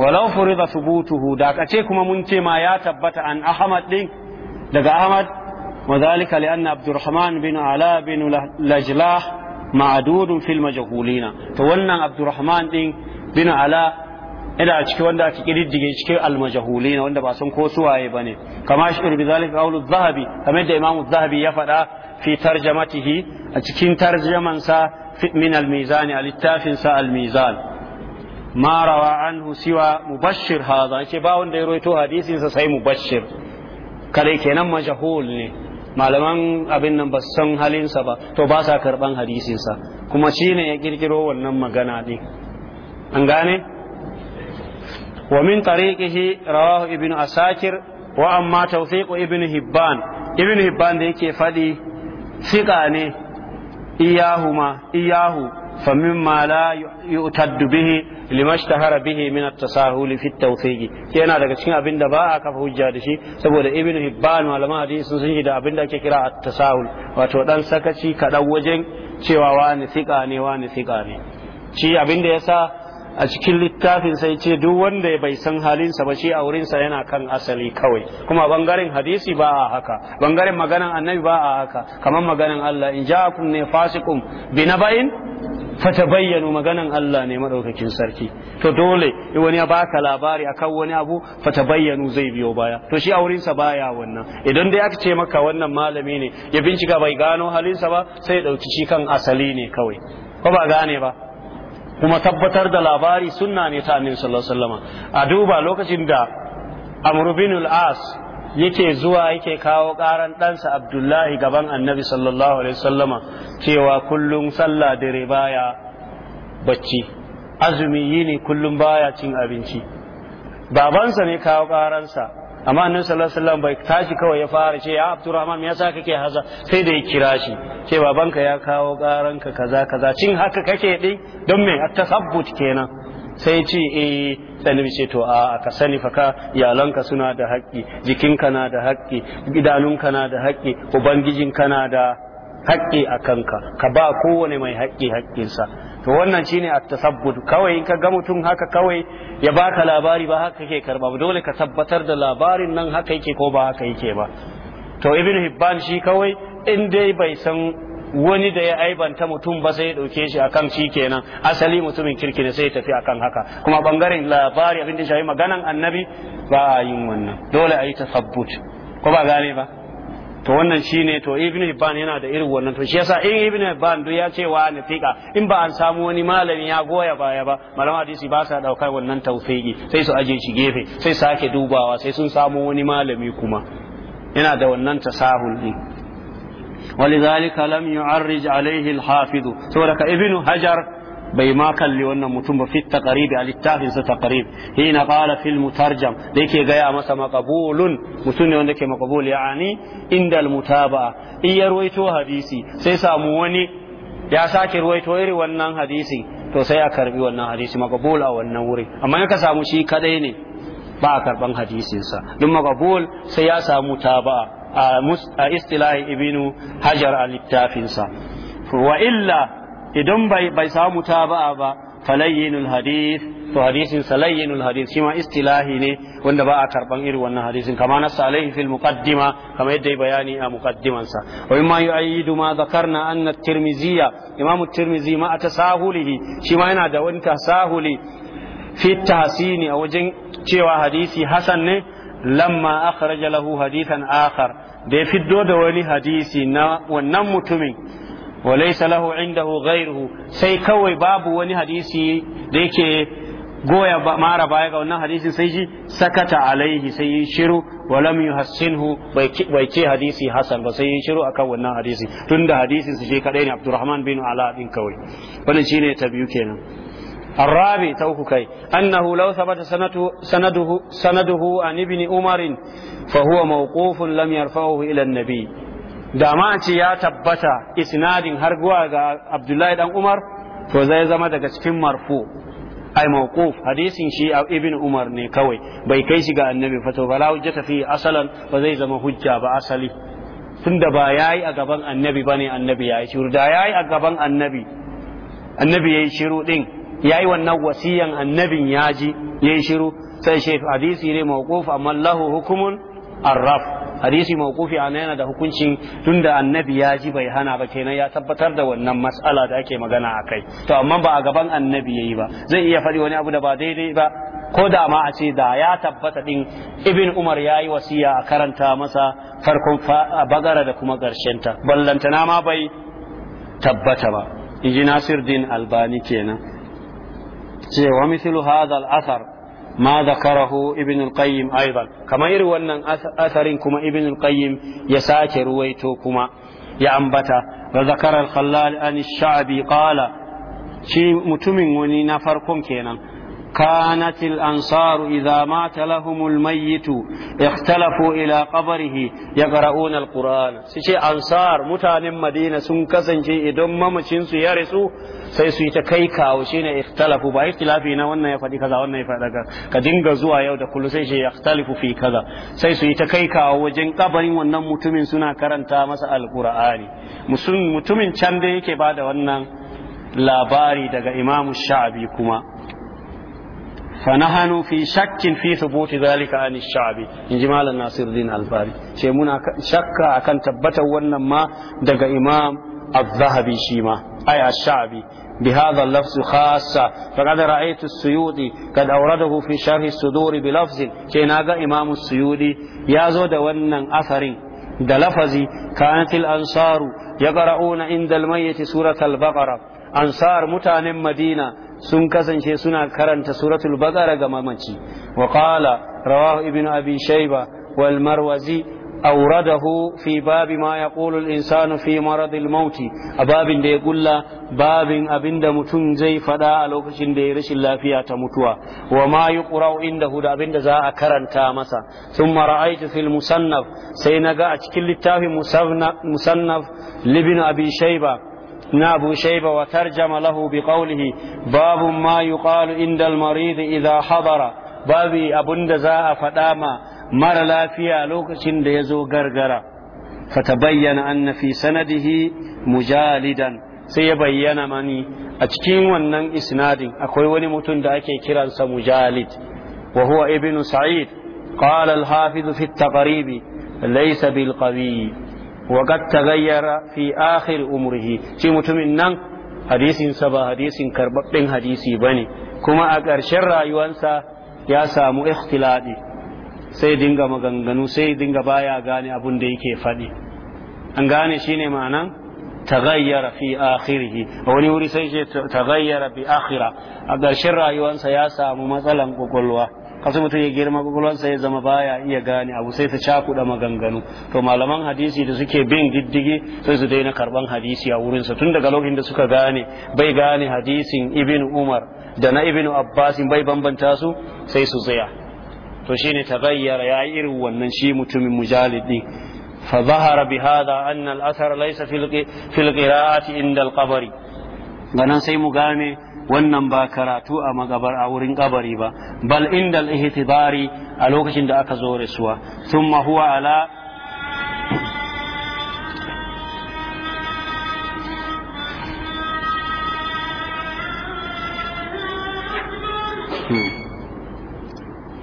walau furida subutuhu da kace kuma mun ce ma ya tabbata an ahmad din daga ahmad wa zalika li anna abdurrahman bin ala bin lajlah ma'dudun fil majhulina to wannan abdurrahman din bin ala ina cikin wanda ake kididdige cikin almajahulina wanda ba sun ko suwaye bane kama shi bi zalika qawlu zahabi kamar da imamu zahabi ya faɗa fi tarjamatihi a cikin tarjamansa sa min almizani alittafin sa al ma rawa anhu siwa mubashir haza ce ba wanda ya roito hadisin sa sai mubashir kare kenan majahul ne malaman abin nan ba san halinsa ba to ba sa karban hadisin sa kuma shine ya kirkiro wannan magana din an gane wa min tariqihi rawahu ibnu asakir wa amma tawfiq ibnu hibban ibnu hibban da yake fadi sika ne iyahuma iyahu ma la yu'taddu bihi limash tahara bihi min at-tasahul fi at-tawfiqi yana daga cikin abin da ba a kafa hujja da shi saboda ibnu hibban malaman hadisi sun shi da abin da ake kira at-tasahul wato dan sakaci kadan wajen cewa wani thiqa ne wani thiqa ne shi abin da yasa a cikin littafin sai ce duk wanda bai san halinsa ba shi a wurin sa yana kan asali kawai kuma bangaren hadisi ba a haka bangaren maganan annabi ba a haka kamar maganan Allah in ja'akum ne fasikum bi naba'in fata bayyano maganan Allah ne madaukakin sarki to dole wani ya baka labari akan wani abu fata bayyano zai biyo baya to shi a aurinsa baya wannan idan dai aka ce maka wannan malami ne ya bincika bai gano halinsa ba sai ya dauki kan asali ne kawai ko ba gane ba kuma tabbatar da labari sunna ne ta annabi sallallahu alaihi wasallam a duba lokacin da amr bin as yake zuwa yake kawo ƙaran ɗansa abdullahi gaban annabi sallallahu alaihi wasallama cewa kullum sallah dare baya bacci azumi yini kullum baya cin abinci babansa ne kawo ƙaransa amma annabi sallallahu alaihi bai tashi kawai ya fara ce ya abdurrahman me yasa kake haza sai da ya kira shi ce babanka ya kawo ƙaranka kaza kaza cin haka kake din don me at kenan sai ce eh annabi ce to a ka sani fa ka iyalanka suna da haƙƙi jikinka na da haƙƙi idanunka na da haƙƙi ubangijin na da haƙƙi a kanka ka ba kowane mai haƙƙi haƙƙinsa to wannan shine at-tasabbut kawai in ka ga mutum haka kawai ya baka labari ba haka kake karba dole ka tabbatar da labarin nan haka yake ko ba haka yake ba to ibn hibban shi kawai in dai bai san wani da ya aibanta mutum ba sai ya dauke shi akan shi kenan asali mutumin kirki ne sai ya tafi akan haka kuma bangaren labari abin da shayi maganan annabi ba a yin wannan dole a yi tasabbut ko ba gane ba to wannan shine to ibn hibban yana da irin wannan to shi yasa in ibn hibban duk ya ce wa ni fika in ba an samu wani malami ya goya baya ba malama hadisi ba sa daukar wannan tawfiqi sai su aje shi gefe sai sake dubawa sai sun samu wani malami kuma yana da wannan tasahul din walidhalika lam yu'arrij alaihi al-hafiz saboda ka ibnu hajar bai ma kalli wannan mutum ba fit taqribi a littafin sa taqrib hina qala fil mutarjam da yake gaya masa maqbulun mutum ne wanda ke maqbul yani inda al mutaba in ya ruwaito hadisi sai samu wani ya sake ruwaito iri wannan hadisi to sai a karbi wannan hadisi maqbul a wannan wuri amma in ka samu shi kadai ne ba a karban hadisinsa dun maqbul sai ya samu taba'a a istilahi ibinu hajar a littafinsa wa illa idan bai samu taba'a ba falayyinul hadith to hadisin salayyinul hadith shi ma istilahi ne wanda ba a karban irin wannan hadisin kama na alaihi fil muqaddima kama yadda ya bayani a muqaddimansa wa mimma yu'ayyidu ma dhakarna anna at-tirmidhiyya imam at-tirmidhi ma atasahulihi shi ma yana da wani tasahuli fi tahsini a wajen cewa hadisi hasan ne lamma akhraja lahu hadithan akhar da ya fiddo da wani hadisi na wannan mutumin wa laysa lahu indahu ghayruhu sai kawai babu wani hadisi da yake goya mara baya ga wannan hadisin sai ji sakata alaihi sai yi shiru wa lam yuhassinhu bai ce hadisi hasan ba sai yi shiru akan wannan hadisi tunda hadisin su shi kadai ne Abdurrahman bin Ala din kawai wannan shine ta biyu kenan الرابع توككي أنه لو ثبت سنده, سنده, سنده عن ابن عمر فهو موقوف لم يرفعه إلى النبي da ma ce ya tabbata isnadin har zuwa ga Abdullahi dan Umar to zai zama daga cikin marfu ai mawquf hadisin shi ibn Umar ne kawai bai kai shi ga annabi fa to bala hujjata fi asalan ba zai zama hujja ba asali tunda ba yayi a gaban annabi bane annabi yayi shiru da yayi a gaban annabi annabi yayi shiru din Ya yi wannan wasiyan annabin ya ji ya yayi shiru sai shi hadisi ne mawquf amma lahu hukumun arraf hadisi mawqufi ana yana da hukuncin tunda annabi ya ji bai hana ba kenan ya tabbatar da wannan mas'ala da ake magana a kai to amma ba a gaban annabi yayi ba zai iya faɗi wani abu da ba daidai ba ko da ma a ce da ya tabbata din ibn umar ya yi wasiya a karanta masa farkon bagara da kuma ta ballantana ma bai tabbata ba inji nasir din albani kenan cewa mithlu hadha al-athar ma dhakarahu ibn al-qayyim aidan kamar irin wannan asarin kuma ibn al-qayyim ya sake ruwaito kuma ya ambata wa zakara al-khallal an ash-sha'bi shi mutumin wani na farkon kenan كانت الأنصار إذا مات لهم الميت اختلفوا إلى قبره يقرؤون القرآن سيشي أنصار متان مدينة سنكسن شيء إدم ممشين سيارسو سيسوي تكيكا وشين اختلفوا با اختلافنا نوانا يفادي كذا وانا يفادي كذا كدين غزوا يودا كل سيشي يختلف في كذا سيسوي تكيكا وجن قبر وانا متمن سنا كرن تامس القرآن مسن متمن چنده كبادة وانا labari daga imamu sha'abi kuma fa nahanu fi shakkin fi buti zalika a ash-sha'bi in malam Nasiruddin Al-Albani ce muna shakka kan tabbatar wannan ma daga Imam Az-Zahabi shi ma ai ash-sha'bi بهذا اللفظ خاصة فقد رأيت السيودي قد أورده في شرح الصدور بلفظ كيناغا إمام السيودي يازود ونن أثري دلفزي كانت الأنصار يقرؤون عند الميت سورة البقرة أنصار متان مدينة sun kasance suna karanta suratul bakara ga mamaci wa qala rawahu ibnu abi shayba wal marwazi awradahu fi babi ma yaqulu al insanu fi marad Mauti. A ababin da ya ƙulla, babin abinda mutum zai faɗa a lokacin da ya rashin lafiya ta mutuwa wa ma yuqra'u indahu da abinda za a karanta masa thumma ra'aytu fil musannaf sai ga a cikin littafin musannaf libin abi shayba بن أبو شيبة وترجم له بقوله باب ما يقال عند المريض إذا حضر babi abun da za a faɗa ma mara lafiya lokacin da ya zo gargara fata bayyana an fi sanadihi mujalidan sai ya bayyana mani a cikin wannan isnadin akwai wani mutum da ake kiransa mujalid wa huwa ibnu sa'id ƙalal al-hafiz fi at-taqrib wa qad taghayyara fi akhir umrihi shi mutumin nan hadisin ba hadisin karbabben hadisi bane kuma a ƙarshen rayuwansa ya samu ikhtiladi sai dinga maganganu sai dinga baya gane abin da yake faɗi an gane shine ma'anan تغير في آخره wani wuri sai ce tagayyara bi akhira a ƙarshen rayuwarsa ya samu matsalan ƙwaƙwalwa kasu mutum ya girma kwakwalwarsa ya zama baya iya gane abu sai ta cakuɗa maganganu to malaman hadisi da suke bin diddigi sai su daina karban hadisi a wurinsa tun daga lokacin da suka gane bai gane hadisin ibn umar da na ibn abbasin bai bambanta su sai su tsaya to shi shine tagayyara ya yi irin wannan shi mutumin mujalidi hada annal asar laysa fil qira'ati inda al القبر ganan sai mu gane wannan ba karatu a magabar a wurin kabari ba bal indal ihtibari a lokacin da aka zo rasuwa thumma huwa ala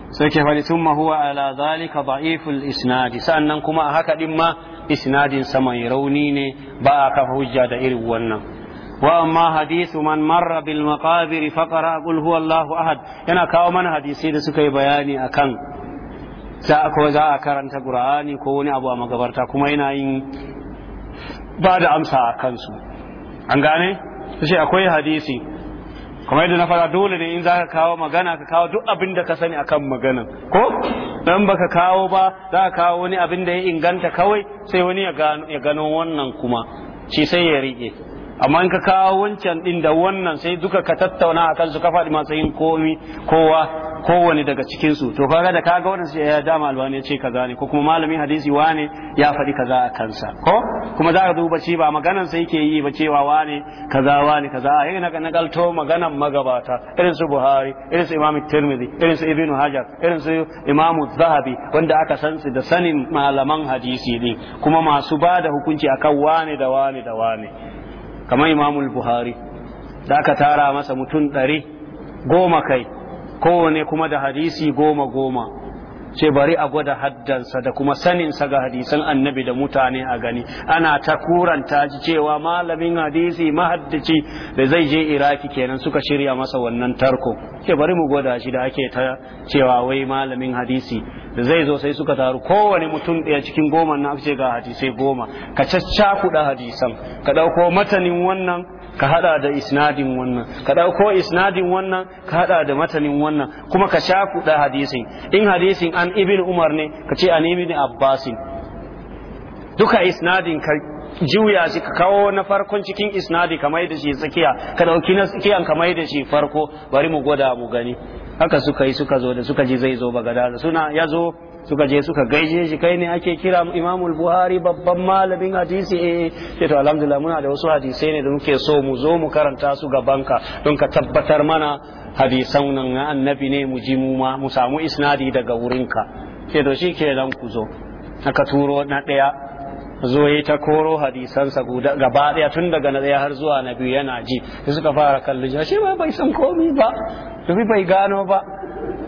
sake ke fali thumma huwa ala zalika da'iful isnad sannan kuma a haka din ma isnadin sama rauni ne ba a hujja da irin wannan واما حديث من مر بالمقابر فقرا قل هو الله احد yana kawo mana hadisi da suka yi bayani akan za ko za a karanta Qur'ani ko wani abu a magabarta kuma yana yin ba da amsa a kansu an gane sai akwai hadisi kuma yadda na fara dole ne in za ka kawo magana ka kawo duk abin da ka sani akan magana ko dan baka kawo ba za ka kawo wani abin da ya inganta kawai sai wani ya gano wannan kuma shi sai ya rike amma in ka kawo wancan din da wannan sai duka ka tattauna a kansu ka faɗi matsayin komi kowa kowane daga cikin su to kaga da kaga wannan sai ya dama albani ya ce kaza ne ko kuma malamin hadisi wane ya faɗi kaza a kansa ko kuma za ka duba ce ba maganan sai yake yi ba cewa wane kaza wane kaza a yana na galto maganan magabata irin su Buhari irin su Imam Tirmidhi irin su Ibn Hajar irin su Imam Zahabi wanda aka san su da sanin malaman hadisi ne kuma masu ba da hukunci akan wane da wane da wane kamar imamul buhari da aka tara masa mutum ɗari goma kai kowane kuma da hadisi goma goma ce bari a gwada haddansa da kuma saninsa ga hadisan annabi da mutane a gani ana ta kuranta cewa malamin hadisi mahaddaci da zai je iraki kenan suka shirya masa wannan tarko ke bari mu gwada shi da ake ta cewa wai malamin hadisi da zai zo sai suka taru kowane mutum ɗaya cikin goma na ce ga hadisai goma ka caccakuɗa hadisan ka ɗauko matanin wannan ka hada da isnadin wannan ka ɗauko isnadin wannan ka hada da matanin wannan kuma ka cakuɗa hadisin in hadisin an ibn umar ne ka ce an ibn abbasin duka isnadin ka juya shi ka kawo na farkon cikin isnadi ka mai da shi tsakiya ka dauki na tsakiyan ka da shi farko bari mu gwada mu gani haka suka yi suka zo da suka ji zai zo bagada suna ya zo suka je suka gaishe shi kai ne ake kira imamul buhari babban malamin hadisi eh ce eh. to alhamdulillah muna da wasu hadisai ne da muke so mu zo mu karanta su gabanka don ka tabbatar mana hadisan nan annabi ne mu ji mu ma mu samu isnadi daga wurinka ce eh, to shikenan ku zo aka turo na ɗaya zo yi ta koro hadisansa gaba ɗaya tun daga na ɗaya har zuwa na biyu yana ji sai suka fara kallon shi ba bai san komi ba bai gano ba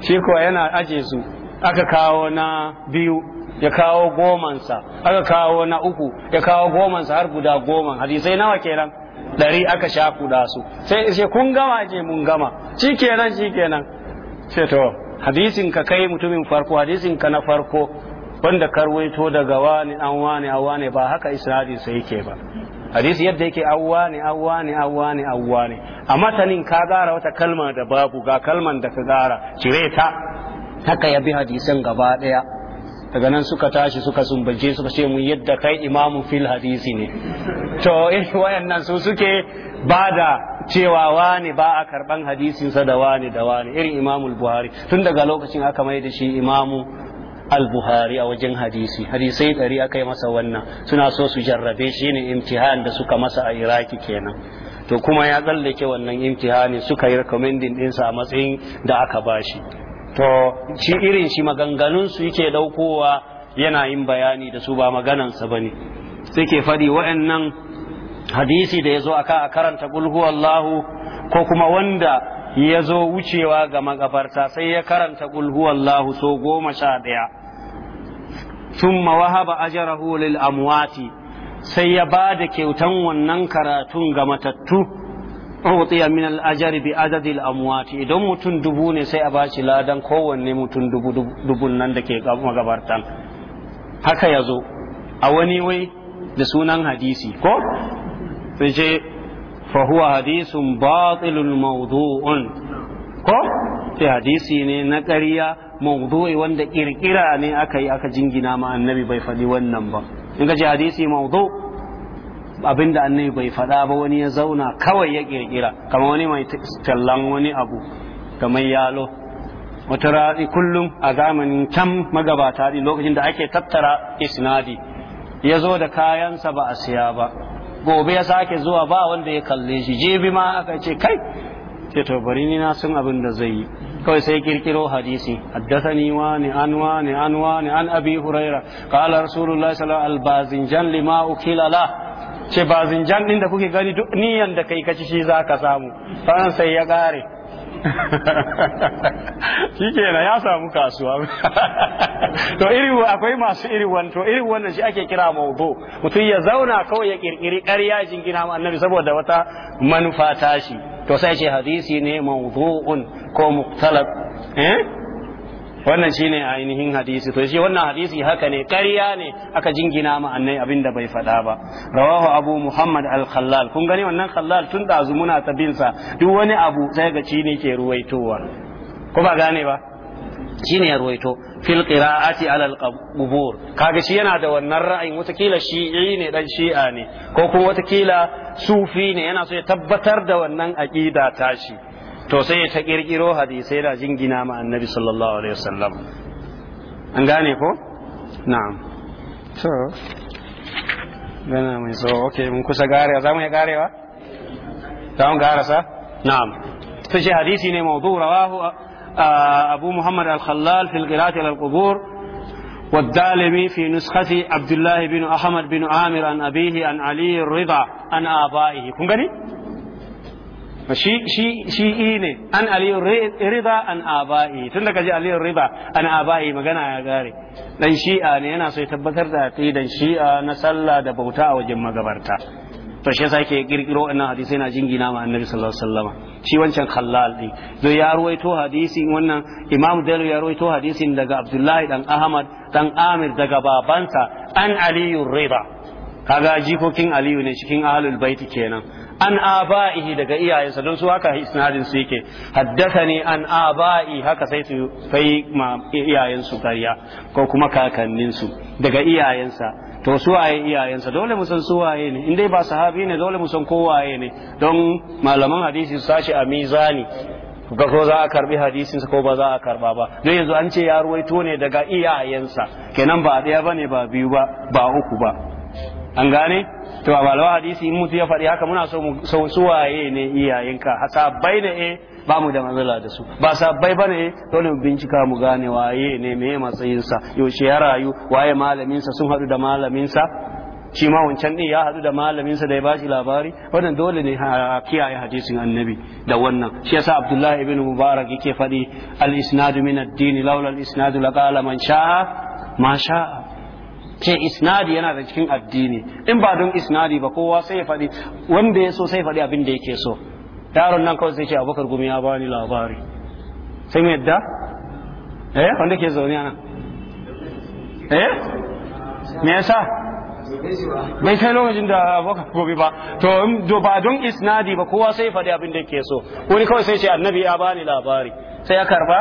shi ko yana aje su aka kawo na biyu ya kawo gomansa aka kawo na uku ya kawo gomansa har guda goman hadisai nawa kenan Dari aka sha kuɗa su sai ce kun gama ce mun gama shi kenan shi kenan ce to hadisin ka kai mutumin farko hadisin ka na farko wanda karwaito daga wani an wani an wani ba haka isnadin sai yake ba hadisi yadda yake an wani an wani an wani an wani a matanin ka gara wata kalma da babu ga kalman da ka gara cire ta haka ya bi hadisan gaba daya daga nan suka tashi suka sumbace suka ce mun yadda kai imamu fil hadisi ne to eh, wayannan su suke ba cewa wani ba a karban hadisinsa da wani da wani irin imamu buhari tun daga lokacin aka mai da shi imamu al-buhari a wajen hadisi hadisai ɗari aka yi masa wannan suna so su jarrabe shi ne imtihan da suka masa a iraki kenan to kuma ya tsallake wannan imtihani suka yi recommending ɗinsa a matsayin da aka bashi to shi irin shi maganganunsu yake ɗaukowa yana yin bayani da su ba maganansa ba ne sai ke faɗi wa'annan hadisi da ya zo a karanta ƙulhu Allahu ko kuma wanda ya zo wucewa ga magabarta sai ya karanta ƙulhu Allahu so goma sha ɗaya sun mawahaba ajarahu lil amwati sai ya ba da kyautan wannan karatun ga matattu utiya min al bi adadil amwati idan mutum dubu ne sai a bashi ladan kowanne mutum dubu dubun nan da ke magabartan haka zo a wani wai da sunan hadisi ko sai fahuwa fa huwa hadisun batilul mawdu'un ko sai hadisi ne na ƙarya mawdu'i wanda ƙirƙira ne aka yi aka jingina ma annabi bai faɗi wannan ba in ka ji hadisi mawdu' abin da annabi bai faɗa ba wani ya zauna kawai ya ƙirƙira kamar wani mai tallan wani abu mai yalo wata kullum a zamanin can magabata lokacin da ake tattara isnadi ya zo da kayansa ba a siya ba gobe ya sake zuwa ba wanda ya kalle shi jibi ma aka ce kai ce to bari ni na san abin da zai yi kawai sai kirkiro hadisi haddathani wa ni an ni an wa ni an abi huraira qala rasulullahi sallallahu alaihi wasallam albazin jan lima ukila la ce ba zinjan din da kuke gani duk niyan da kai kaci shi za ka samu ran sai ya kare shi kenan ya samu kasuwa to iri akwai masu iri to iri wannan shi ake kira maudu mutum ya zauna kawai ya kirkiri ƙarya jingina ma annabi saboda wata manufa tashi to sai ce hadisi ne maudu'un ko muktalab eh wannan shine ainihin hadisi to shi wannan hadisi haka ne ƙarya ne aka jingina ma annai abin da bai faɗa ba rawahu abu muhammad al-khallal kun gani wannan khallal tun da azumuna ta bin sa duk wani abu sai ga shi ne ke ruwaitowa ko ba gane ba ne ya ruwaito fil qira'ati ala al-qubur kaga shi yana da wannan ra'ayin watakila shi'i ne dan shi'a ne ko kuma watakila sufi ne yana so ya tabbatar da wannan aqida tashi to sai ta kirkiro hadisai da jingina ma annabi sallallahu alaihi wasallam an gane ko na'am so gana mai so okay mun kusa garewa za mu iya garewa za mu garasa na'am to shi hadisi ne mawdu rawahu abu muhammad al-khallal fil qira'ati al-qubur والدالمي في نسخة عبد الله بن أحمد بن عامر عن أبيه عن علي الرضا عن آبائه كن shi shi shi ne an aliyu riba an abai tun da kaji aliyu riba an abai magana ya gare dan shi'a ne yana so ya tabbatar da aqidan shi'a na sallah da bauta a wajen magabarta to shi yasa yake kirkiro wannan hadisi yana jingina ma annabi sallallahu alaihi wasallam shi wancan khallal din do ya ruwaito hadisi wannan imam dalu ya ruwaito hadisin daga abdullahi dan ahmad dan amir daga babansa an aliyu riba kaga jikokin aliyu ne cikin ahlul baiti kenan an aba'ihi daga iyayensa don su haka isnadin su yake haddathani an aba'i haka sai su fai ma iyayensu kariya ko kuma kakanninsu daga iyayensa to su waye iyayensa dole mu san su waye ne indai ba sahabi ne dole mu san ko waye ne don malaman hadisi su sashi a mizani ga ko za a karbi hadisinsa ko ba za a karba ba don yanzu an ce ya ruwaito ne daga iyayensa kenan ba ɗaya bane ba biyu ba ba uku ba an gane to a malawa hadisi in mutu ya faɗi haka muna so suwaye ne iyayenka sabbai ne eh ba mu da matsala da su ba sabbai ba ne eh? dole mu bincika mu gane waye ne meye matsayinsa yaushe ya rayu waye sa sun haɗu da sa shi ma wancan din ya haɗu da malaminsa da ya bashi labari wannan dole ne a kiyaye hadisin annabi da wannan shi yasa abdullahi ibn mubarak yake faɗi al-isnadu min ad-din laula al-isnadu laqala man sha'a ma sha'a ce isnadi yana da cikin addini in ba don isnadi ba kowa sai ya faɗi wanda ya so sai ya faɗi abin da yake so yaron nan kawai sai ce abokar gumi ya bani labari sai mu yadda eh wanda ke zaune nan eh me yasa bai kai lokacin da abokar gumi ba to ba don isnadi ba kowa sai ya faɗi abin da yake so wani kawai sai ce annabi ya bani labari sai ya karba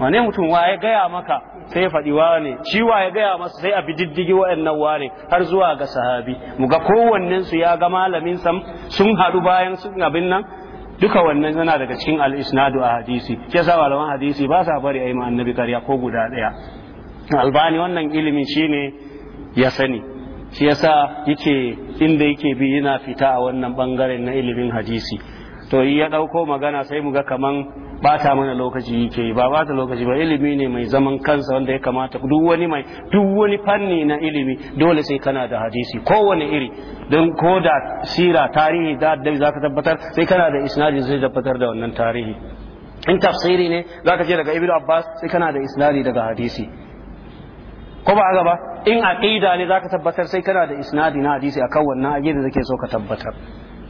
wane mutum wa ya gaya maka sai ya faɗi wane ciwa ya gaya masa sai a bi diddigi waɗannan wane har zuwa ga sahabi mu ga kowannen ya ga malamin sam sun haɗu bayan sun abin nan duka wannan yana daga cikin al-isnadu a hadisi ke sa malaman hadisi ba sa bari ayi annabi karya ko guda ɗaya albani wannan ilimin shine ya sani shi yasa yake inda yake bi yana fita a wannan bangaren na ilimin hadisi to ya ɗauko magana sai mu ga kaman Ba ta mana lokaci yake ba bata lokaci ba ilimi ne mai zaman kansa wanda ya kamata duk wani mai duk wani fanni na ilimi dole sai kana da hadisi kowane iri don ko da sira tarihi da za zaka tabbatar sai kana da isnadi zai tabbatar da wannan tarihi in tafsiri ne zaka je daga ibnu abbas sai kana da isnadi daga hadisi ko ba gaba in aqida ne zaka tabbatar sai kana da isnadi na hadisi akan wannan aqida da kake so ka tabbatar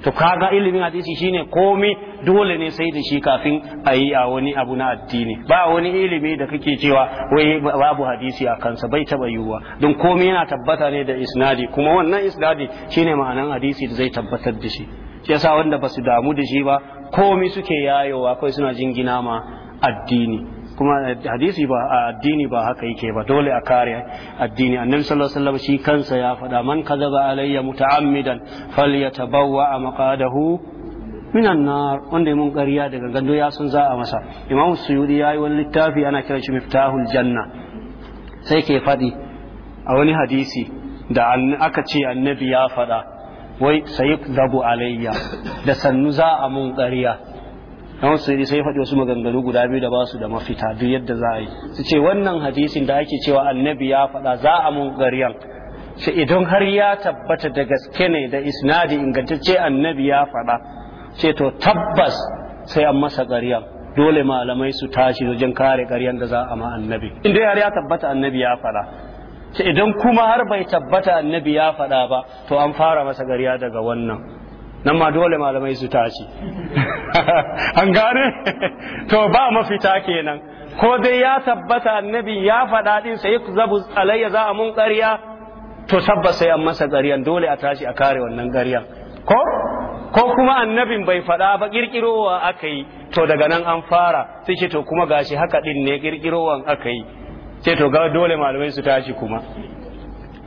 to kaga ilimin hadisi shine komai dole ne sai da shi kafin a yi a wani abu na addini ba wani ilimi da kake cewa wai babu hadisi a kansa bai taba yiwuwa don komai yana tabbata ne da isnadi kuma wannan isnadi shine ma'anan hadisi da zai tabbatar da shi shi yasa wanda basu damu da shi ba komai suke yayowa kai suna jingina ma addini kuma hadisi ba addini ba haka yake ba dole a kare addini annabi sallallahu alaihi wasallam shi kansa ya faɗa man kadaba alayya muta'ammidan falyatabawwa maqadahu minan nar wanda mun ƙarya daga gando ya sun za a masa imam suyudi yayi wani littafi ana kiran shi miftahul janna sai ke faɗi a wani hadisi da aka ce annabi ya faɗa wai sayuk zabu alayya da sannu za a mun ƙarya don sai sai faɗi wasu maganganu guda biyu da ba su da mafita duk yadda za a yi su ce wannan hadisin da ake cewa annabi ya faɗa za a mun garyan shi idan har ya tabbata da gaske ne da isnadi ingantacce annabi ya faɗa ce to tabbas sai an masa garyan dole malamai su tashi wajen kare garyan da za a ma annabi in har ya tabbata annabi ya faɗa sai idan kuma har bai tabbata annabi ya faɗa ba to an fara masa gariya daga wannan nan ma dole malamai su tashi an gane to ba mafita kenan ko dai ya tabbata annabi ya faɗa din sai zabu alayya za a mun ƙarya to tabbas sai an masa ƙaryan dole a tashi a kare wannan ƙaryan ko ko kuma annabin bai faɗa ba ƙirƙirowa aka yi to daga nan an fara sai ce to kuma gashi haka din ne ƙirƙirowan aka yi ce to ga dole malamai su tashi kuma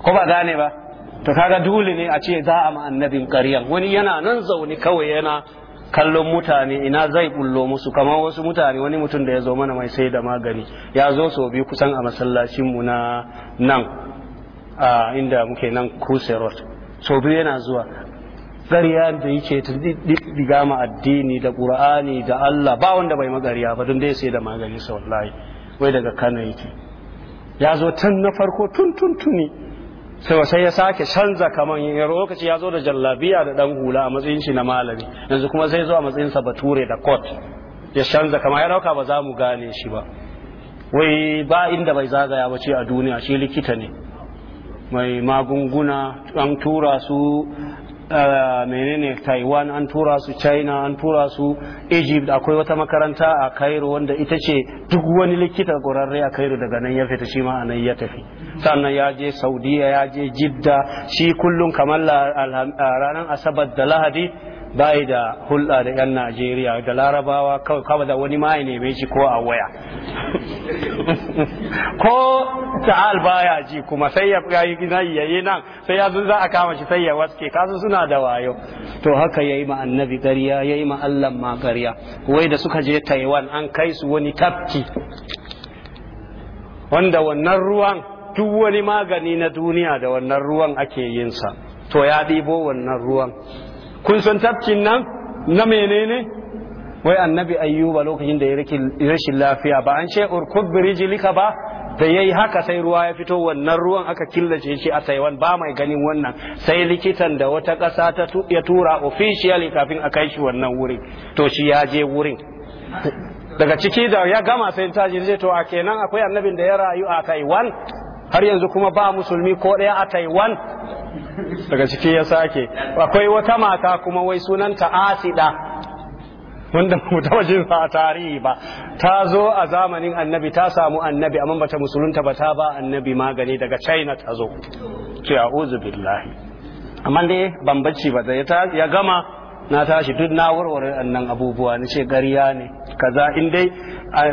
ko ba gane ba to kaga dole ne a ce za a ma annabin ƙaryan wani yana nan zaune kawai yana kallon mutane ina zai bullo musu kamar wasu mutane wani mutum da ya zo mana mai sai da magani ya zo sau biyu kusan a masallacin mu na nan a inda muke nan kuserot sau biyu yana zuwa ƙarya da yake diga ma addini da ƙur'ani da Allah ba wanda bai magariya ba don dai sai da magani sau wai daga Kano yake ya zo tun na farko tun tun tuni sai sai ya sake canza kaman ya lokaci ya zo da jallabiya da dan hula a matsayin shi na malami yanzu kuma sai zo a matsayin sa bature da court ya canza kama ya dauka ba za mu gane shi ba wai ba inda bai zagaya ba ce a duniya shi likita ne mai magunguna an tura su menene taiwan an tura su china an tura su egypt akwai wata makaranta a cairo wanda ita ce duk wani likita ƙwararre a cairo daga nan ya fita shi ma nan ya tafi sannan ya je saudiya ya je jidda shi kullum kamar ranar asabar da lahadi bai da hulɗa da 'yan najeriya da larabawa kawai da wani ma'a ne shi ko a waya ko ta'al baya ji kuma sai ya yayi nan sai ya za a kama shi sai ya waske kasu suna da wayo to haka ya yi ma'annabi gariya ya yi ma'allan ma gariya wai da suka je Taiwan an kai su wani tafki wanda wannan ruwan duk wani magani na duniya da wannan ruwan ake yinsa to ya ɗibo wannan ruwan kun san tafkin nan na menene wai annabi ayyuba lokacin da ya rashin lafiya ba an ce urkub birijilika ba da yayi haka sai ruwa ya fito wannan ruwan aka killace shi a Taiwan ba mai ganin wannan sai likitan da wata ƙasa ta ya tura officially kafin a kai shi wannan wurin to shi ya je wurin daga ciki da ya gama sai ta je to a kenan akwai annabin da ya rayu a Taiwan har yanzu kuma ba musulmi ko ɗaya a taiwan daga ciki ya sake akwai wata mata kuma wai sunanta asida wanda mu taba jin a tarihi ba ta zo a zamanin annabi ta samu annabi amma bata musulunta ba ta ba annabi magani daga china ta zo ce uzu billahi amma dai bambanci ba da ya gama na tashi duk na warware annan abubuwa na ce gariya ne kaza in dai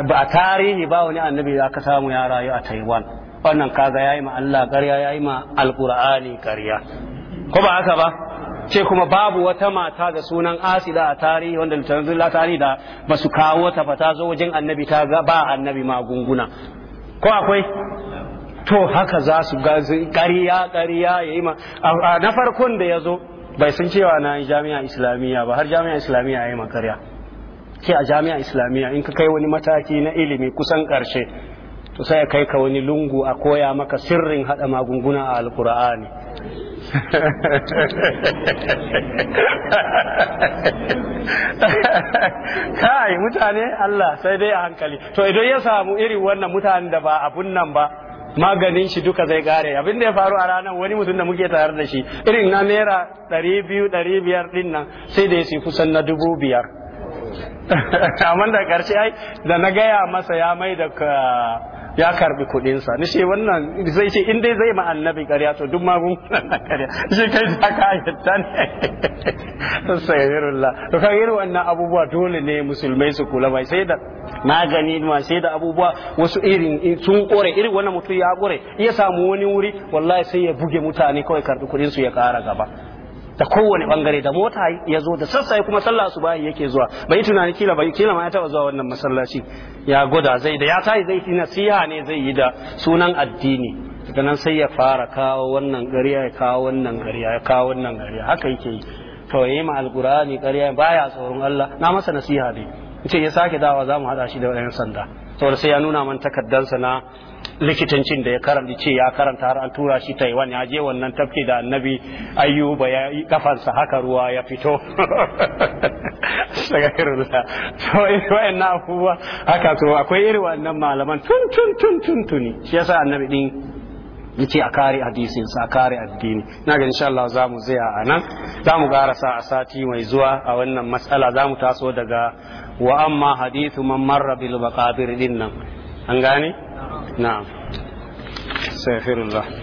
ba a tarihi ba wani annabi aka samu ya rayu a taiwan wannan kaga yayi ma Allah ƙarya yayi ma alqur'ani ƙarya ko ba haka ba ce kuma babu wata mata da sunan asida a tarihi wanda littattafin tarihi da basu kawo ta ba zo wajen annabi ta ga ba annabi magunguna ko akwai to haka za su ƙarya ƙarya ya yi ma na farkon da ya zo bai san cewa na jami'a islamiyya ba har jami'a islamiyya ya yi ma ƙarya ke a jami'a islamiyya in ka kai wani mataki na ilimi kusan ƙarshe to sai kai ka wani lungu a koya maka sirrin hada magunguna a alkur'ani kai mutane Allah sai dai a hankali to idan ya samu irin wannan mutanen da ba abun nan ba maganin shi duka zai gare abin da ya faru a ranar wani mutum da muke tare da shi irin na naira 200 biyu din nan sai da ya si kusan na dubu biyar amma da ƙarshe ai da na gaya masa ya mai da ya karbi kuɗinsa ni ce wannan zai ce in dai zai ma annabi ƙarya to duk magungunan na ƙarya shi kai za ka ayyata ne sayyidullah to ka irin wannan abubuwa dole ne musulmai su kula mai sai da magani ma sai da abubuwa wasu irin sun kore irin wannan mutum ya kore ya samu wani wuri wallahi sai ya buge mutane kawai karbi kuɗinsu ya ƙara gaba da kowane bangare da mota ya zo da sassa kuma sallah su asubahi yake zuwa bai tunani kila bai kila ma ya taba zuwa wannan masallaci ya goda zai da ya tayi zai nasiha ne zai yi da sunan addini daga nan sai ya fara kawo wannan ƙarya ya kawo wannan ƙarya ya kawo wannan ƙarya haka yake yi to yayi ma alqur'ani ƙarya baya tsoron Allah na masa nasiha dai ce ya sake dawa zamu hada shi da wayan sanda to sai ya nuna man takaddansa na likitancin da ya karanta ce ya karanta har an tura shi Taiwan ya je wannan tafki da annabi ayyuba ya yi kafansa haka ruwa ya fito sagairullah so wayan na abubuwa haka so akwai irin wannan malaman tun tun tun tun tuni shi yasa annabi din yace a kare hadisin sa a kare addini na ga insha Allah zamu zaya a nan zamu sa a sati mai zuwa a wannan matsala zamu taso daga wa amma hadithu man marra bil maqabir din nan an gane نعم استغفر الله